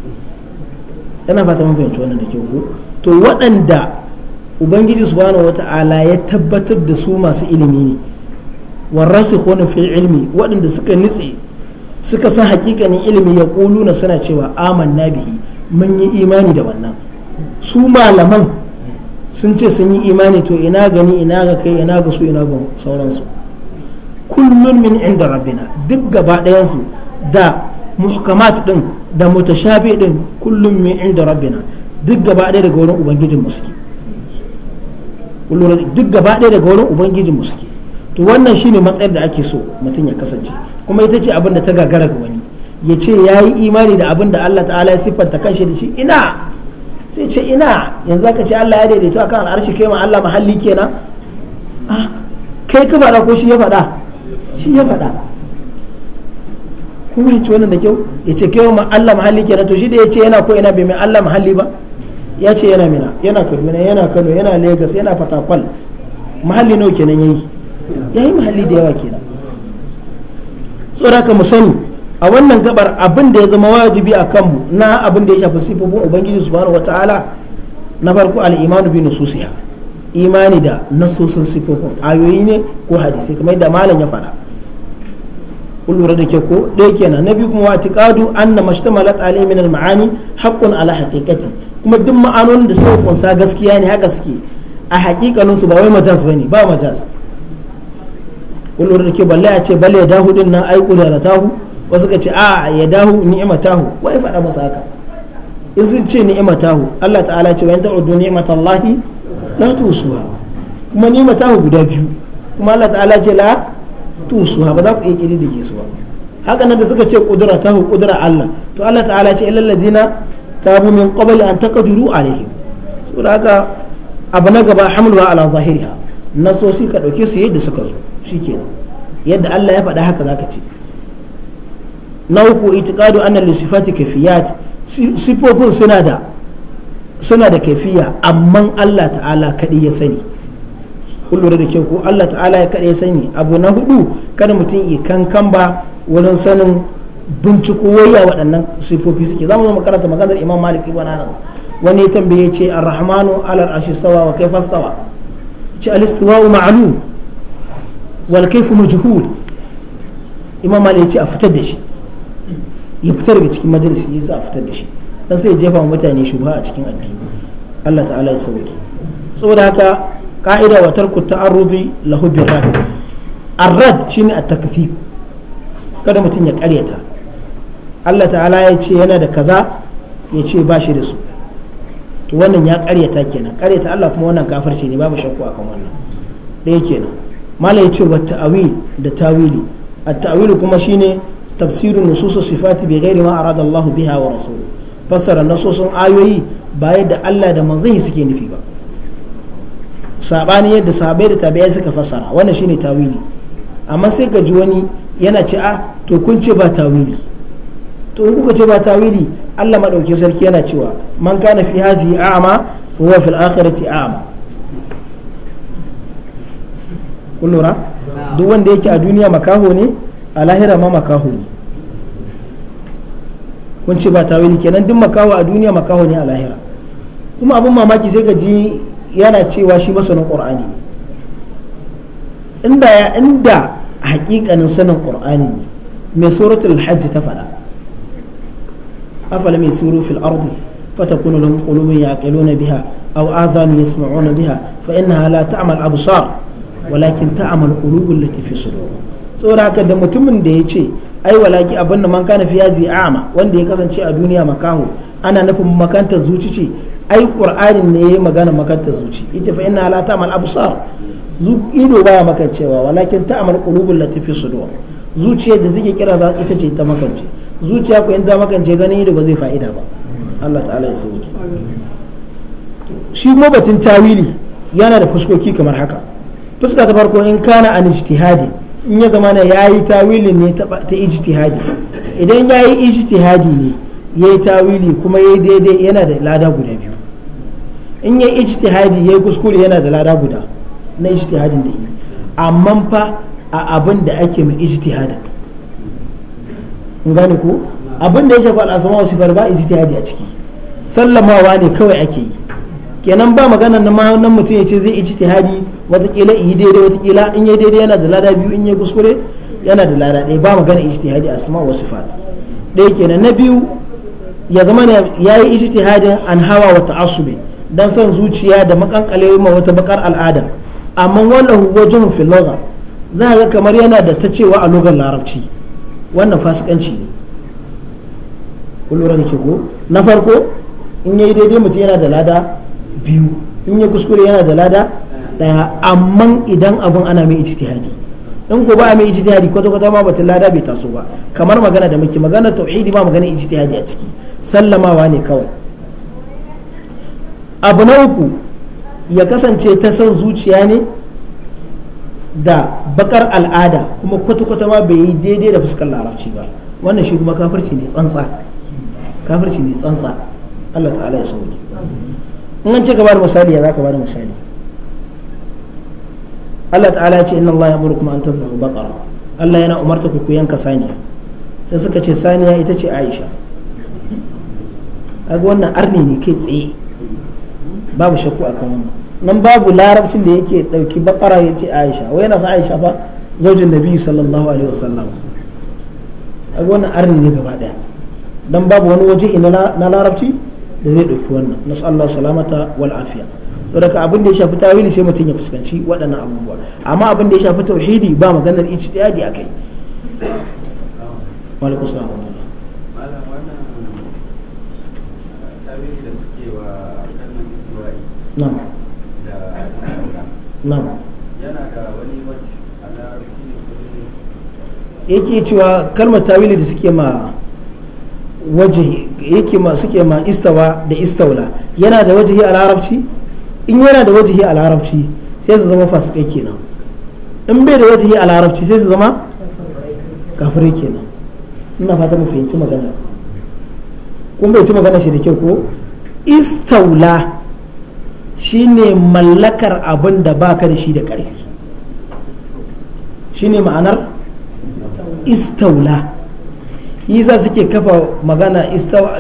yana fata mun fahimci wannan da kyau to waɗanda ubangiji subhanahu wata'ala ya tabbatar da su masu ilimi ne warrasu kone fi ilimi waɗanda suka nitse suka san hakikanin ilimi ya na suna cewa amanna bihi mun yi imani da wannan su malaman sun ce sun yi imani to ina gani ina ga kai ina ga su ina ga sauransu kullum min inda rabbina duk gaba ɗayansu da muhkamat din da mutashabi din kullum min inda rabbina duk gaba ɗaya daga wurin ubangijin mu suke duk gaba ɗaya daga wurin ubangijin mu suke to wannan shine matsayar da ake so mutum ya kasance kuma ita ce abin da ta gagara ga wani ya ce ya yi imani da abin da Allah ta'ala ya siffanta kanshi da shi ina sai ce ina yanzu aka ce Allah ya daidaito akan al'arshi kai ma Allah mahalli kenan ah, kai ka faɗa ko shi ya faɗa shi ya faɗa kuma ya ce wannan da kyau ya ce kai ma Allah mahalli kenan to shi da ya ce yana ko ina bai mai Allah mahalli ba ya ce yana mina yana kaduna yana kano yana lagos yana fatakwal mahalli nawa kenan yayi yayi mahalli da yawa kenan tsoraka ka mu sani a wannan gabar abin da ya zama wajibi a kanmu na abin da ya shafi sifofin ubangiji subhanahu wataala na farko al'imanu bi nususiha imani da nasusun sifofin ayoyi ne ko hadisi kamar yadda malam ya faɗa kun da ke ko ɗaya kenan na biyu kuma wa watiqadu anna mashtamalat alayhi min al-ma'ani haqqun ala haqiqati kuma duk ma'anonin da suka kunsa gaskiya ne haka suke a haƙiƙanin su ba wai majas bane ba majas kun da ke balle a ce balle da hudun nan ai da ratahu wasu ka ce a ya dahu ni'matahu wai faɗa masa haka in sun ce ni'matahu Allah ta'ala ce wani ta'udu ni'matallahi la tusuha kuma ni'matahu guda biyu kuma Allah ta'ala ce la tusuha ba za ku iya kiri da ke suwa haka nan da suka ce kudura tahu kudura Allah to Allah ta'ala ce illal ladina tabu min qabli an taqdiru alaihim saboda haka abu na gaba hamluwa ala zahiriha nasosi ka dauke su yadda suka zo shikenan yadda Allah ya faɗa haka zaka ce na uku itikadu anna lissifati sifati sifofin suna da suna da kaifiya amma Allah ta'ala kadai ya sani lura da ke ko Allah ta'ala ya kadai ya sani abu na hudu kada mutum ya kankan ba wurin sanin binciko waya waɗannan sifofi suke zamu mu karanta maganar Imam Malik ibn Anas wani ya tambaye ce ar-rahmanu ala al-arshi stawa wa kayfa stawa ce al-istiwa ma'lum wal kayfu majhul Imam Malik ya ce a fitar da shi ya fitar daga cikin majalisi ya sa a fitar da shi dan sai ya jefa wa mutane shubha a cikin addini Allah ta'ala ya sauke saboda haka ka'ida wa tarku ta'arrudi lahu birrad arrad shine at-takfif kada mutum ya karyata Allah ta'ala ya ce yana da kaza ya ce ba shi da su to wannan ya karyata kenan karyata Allah kuma wannan kafirci ne babu shakku akan wannan ɗaya kenan malai ya ce wa ta'awil da tawili at-ta'wil kuma shine tafsirin nususu sifati bai gairi ma arada Allah biha wa rasulu fassara nasusun ayoyi ba yadda Allah da manzon suke nufi ba sabani yadda sahabbai da tabi'ai suka fassara wannan shine tawili amma sai ka ji wani yana ce a to kun ce ba tawili to in kuka ce ba tawili Allah madaukakin sarki yana cewa man kana fi hadhihi a'ma huwa fil akhirati a'ma kun duk wanda yake a duniya makaho ne a lahira ma makaho ne kun ce ba tawili kenan duk makaho a duniya makaho ne a lahira kuma abin mamaki sai gaji yana cewa shi masanin qur'ani ne inda ya inda hakikanin sanin qur'ani ne mai suratul hajj ta faɗa afalam yasiru fil ardi فتكون لهم biha يعقلون بها أو آذان يسمعون بها فإنها لا تعمل أبصار walakin تعمل القلوب التي في صدورهم saboda da mutumin da ya ce ai walaki abin da man kana fiya zai a'ma wanda ya kasance a duniya makaho ana nufin makantar zuci ce ai qur'anin ne yayi magana makantar zuci ita fa inna la ta'mal absar ido baya makancewa walakin ta'mal qulubul lati fi sudur zuciyar da take kira za ita ce ta makance zuciya ko in ta makance ganin ido ba zai fa'ida ba Allah ta'ala ya sauke shi kuma batun tawili yana da fuskoki kamar haka fuska ta farko in kana an ijtihadi in ya zama ya yi tawili ne ta ijtihadi idan ya yi ijtihadi ne ya yi tawili kuma ya yi daidai yana da lada guda biyu in ya yi ijtihadi ya yi kuskure yana da lada guda na ijtihadin da yi amma fa a abin da ake mai ijtihadin in gane ko abin da ya shafi al'asama wasu ba ijtihadi a ciki sallamawa ne kawai ake yi kenan ba maganar na mutum ya ce zai ijtihadi watakila yi daidai watakila in yi daidai yana da lada biyu in yi kuskure yana da lada ɗaya ba magana ijtihadi sama wasu sifat ɗaya kenan na biyu ya zama ya yi ijtihadin an hawa wata ta'assubi dan son zuciya da makankale ma wata bakar al'ada amma wannan wajen filoga za za ga kamar yana da ta cewa a logan larabci wannan fasikanci ne kullura da ke ko na farko in yi daidai mutum yana da lada biyu in ya kuskure yana da lada daya amma idan abun ana mai ijtihadi in ko ba mai ijtihadi kwata kwata ma batun lada bai taso ba kamar magana da muke magana tauhidi ba magana ijtihadi a ciki sallamawa ne kawai abu na uku ya kasance ta san zuciya ne da bakar al'ada kuma kwata kwata ma bai yi daidai da fuskar larabci ba wannan shi kuma kafirci ne tsantsa kafirci ne tsantsa Allah ta'ala ya sauki in an ce ka bada misali ya za ka bada misali Allah ta'ala ya ce inna Allah ya kuma an tadhbahu baqara Allah yana umarta ku yanka saniya sai suka ce saniya ita ce Aisha kaga wannan arni ne kai tsaye babu shakku akan wannan nan babu larabcin da yake dauki baqara yace Aisha wai yana sa Aisha fa zaujin Nabi sallallahu alaihi wasallam kaga wannan arni ne gaba daya dan babu wani waje ina na larabci da zai dauki wannan nasallahu salamata wal afiya saboda abin da ya shafi tawili sai mutum ya fuskanci waɗannan abubuwa amma abin da ya shafi tauhidi ba maganar ijtihadi akai alaikum salam da yake cewa kalmar tawili da suke ma waje yake ma suke ma istawa da istawla yana da wajihi a larabci in yana da wajihi a larabci sai su zama fasikai kenan in bai da wajihi a larabci sai su zama kafirai kenan ina fata mu fahimci magana kun bai ci magana shi da kyau ko istaula shine mallakar abin da ba ka da shi da ƙarfi shine ma'anar istaula yisa suke kafa magana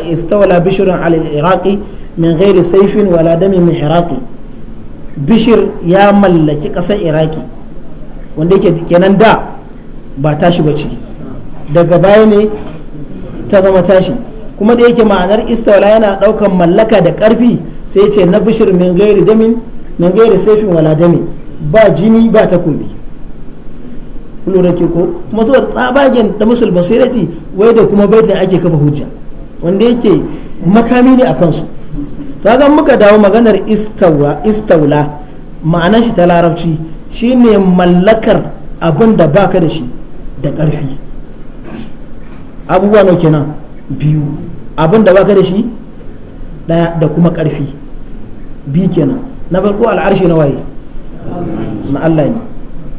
istawala bishirin alal iraqi min ghairi saifin wala damin min iraqi bishir ya mallaki ƙasar iraki wanda yake kenan da ba tashi ba ce daga baya ne ta zama tashi kuma da yake ma'anar istawala yana ɗaukan mallaka da ƙarfi sai ce na bishir min gairi damin min gairi saifin wala damin ba jini ba takobi lura ke ko kuma saboda tsabagen da musul basirati wai da kuma baitin ake kafa hujja wanda yake makami ne a kansu kaga muka dawo maganar istaula ma'anar shi ta larabci shine mallakar abin da baka da shi da ƙarfi abubuwa nauke kenan biyu abin da baka da shi ɗaya da kuma ƙarfi biyu kenan na farko al'arshi na waye na Allah ne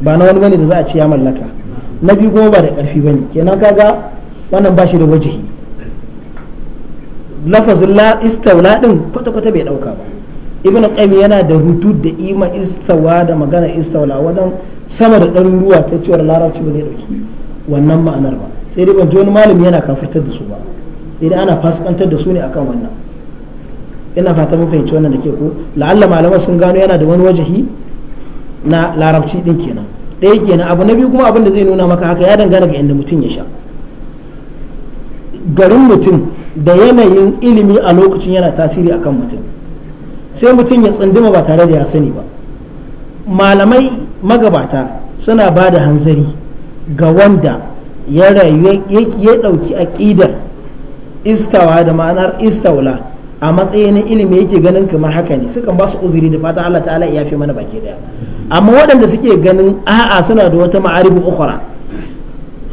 ba na wani bane da za a ce ya mallaka na biyu kuma ba da ƙarfi bane kenan kaga wannan ba shi da wajihi lafazin la istawla din kwata-kwata bai dauka ba ibn qayyim yana da hudud da ima istawa da magana istawla wajen sama da ɗaruruwa ta cewar larabci ba zai dauki wannan ma'anar ba sai dai ban wani malami yana kafartar da su ba sai dai ana fasikantar da su ne akan wannan ina fata mun fahimci wannan da ke ko la'alla malaman sun gano yana da wani wajahi na larabci din kenan ɗaya kenan abu na biyu kuma abin da zai nuna maka haka ya dangana ga inda mutum ya sha garin mutum da yanayin ilimi a lokacin yana tasiri akan mutum sai mutum ya tsunduma ba tare da ya sani ba malamai magabata suna ba da hanzari ga wanda ya rayu ya ɗauki aƙidar istawa da ma'anar istawla a matsayin na ilimi yake ganin kamar haka ne sukan ba su uzuri da fata Allah ta'ala ya fi mana baki daya amma waɗanda suke ganin a'a suna da wata ma'aribu ukhra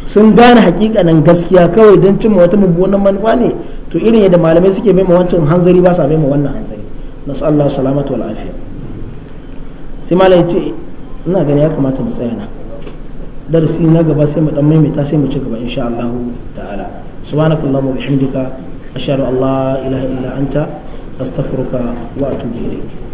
sun gane hakikanin gaskiya kawai don cimma wata mummunan manufa ne to irin yadda malamai suke bai ma wancan hanzari ba sa bai ma wannan hanzari na Allah salamatu wa afiya sai malai ce ina gani ya kamata mu tsaya na darasi na gaba sai mu dan maimaita sai mu ci gaba insha Allah ta'ala subhanakallahumma wa bihamdika ashhadu an la ilaha illa anta astaghfiruka wa atubu ilayk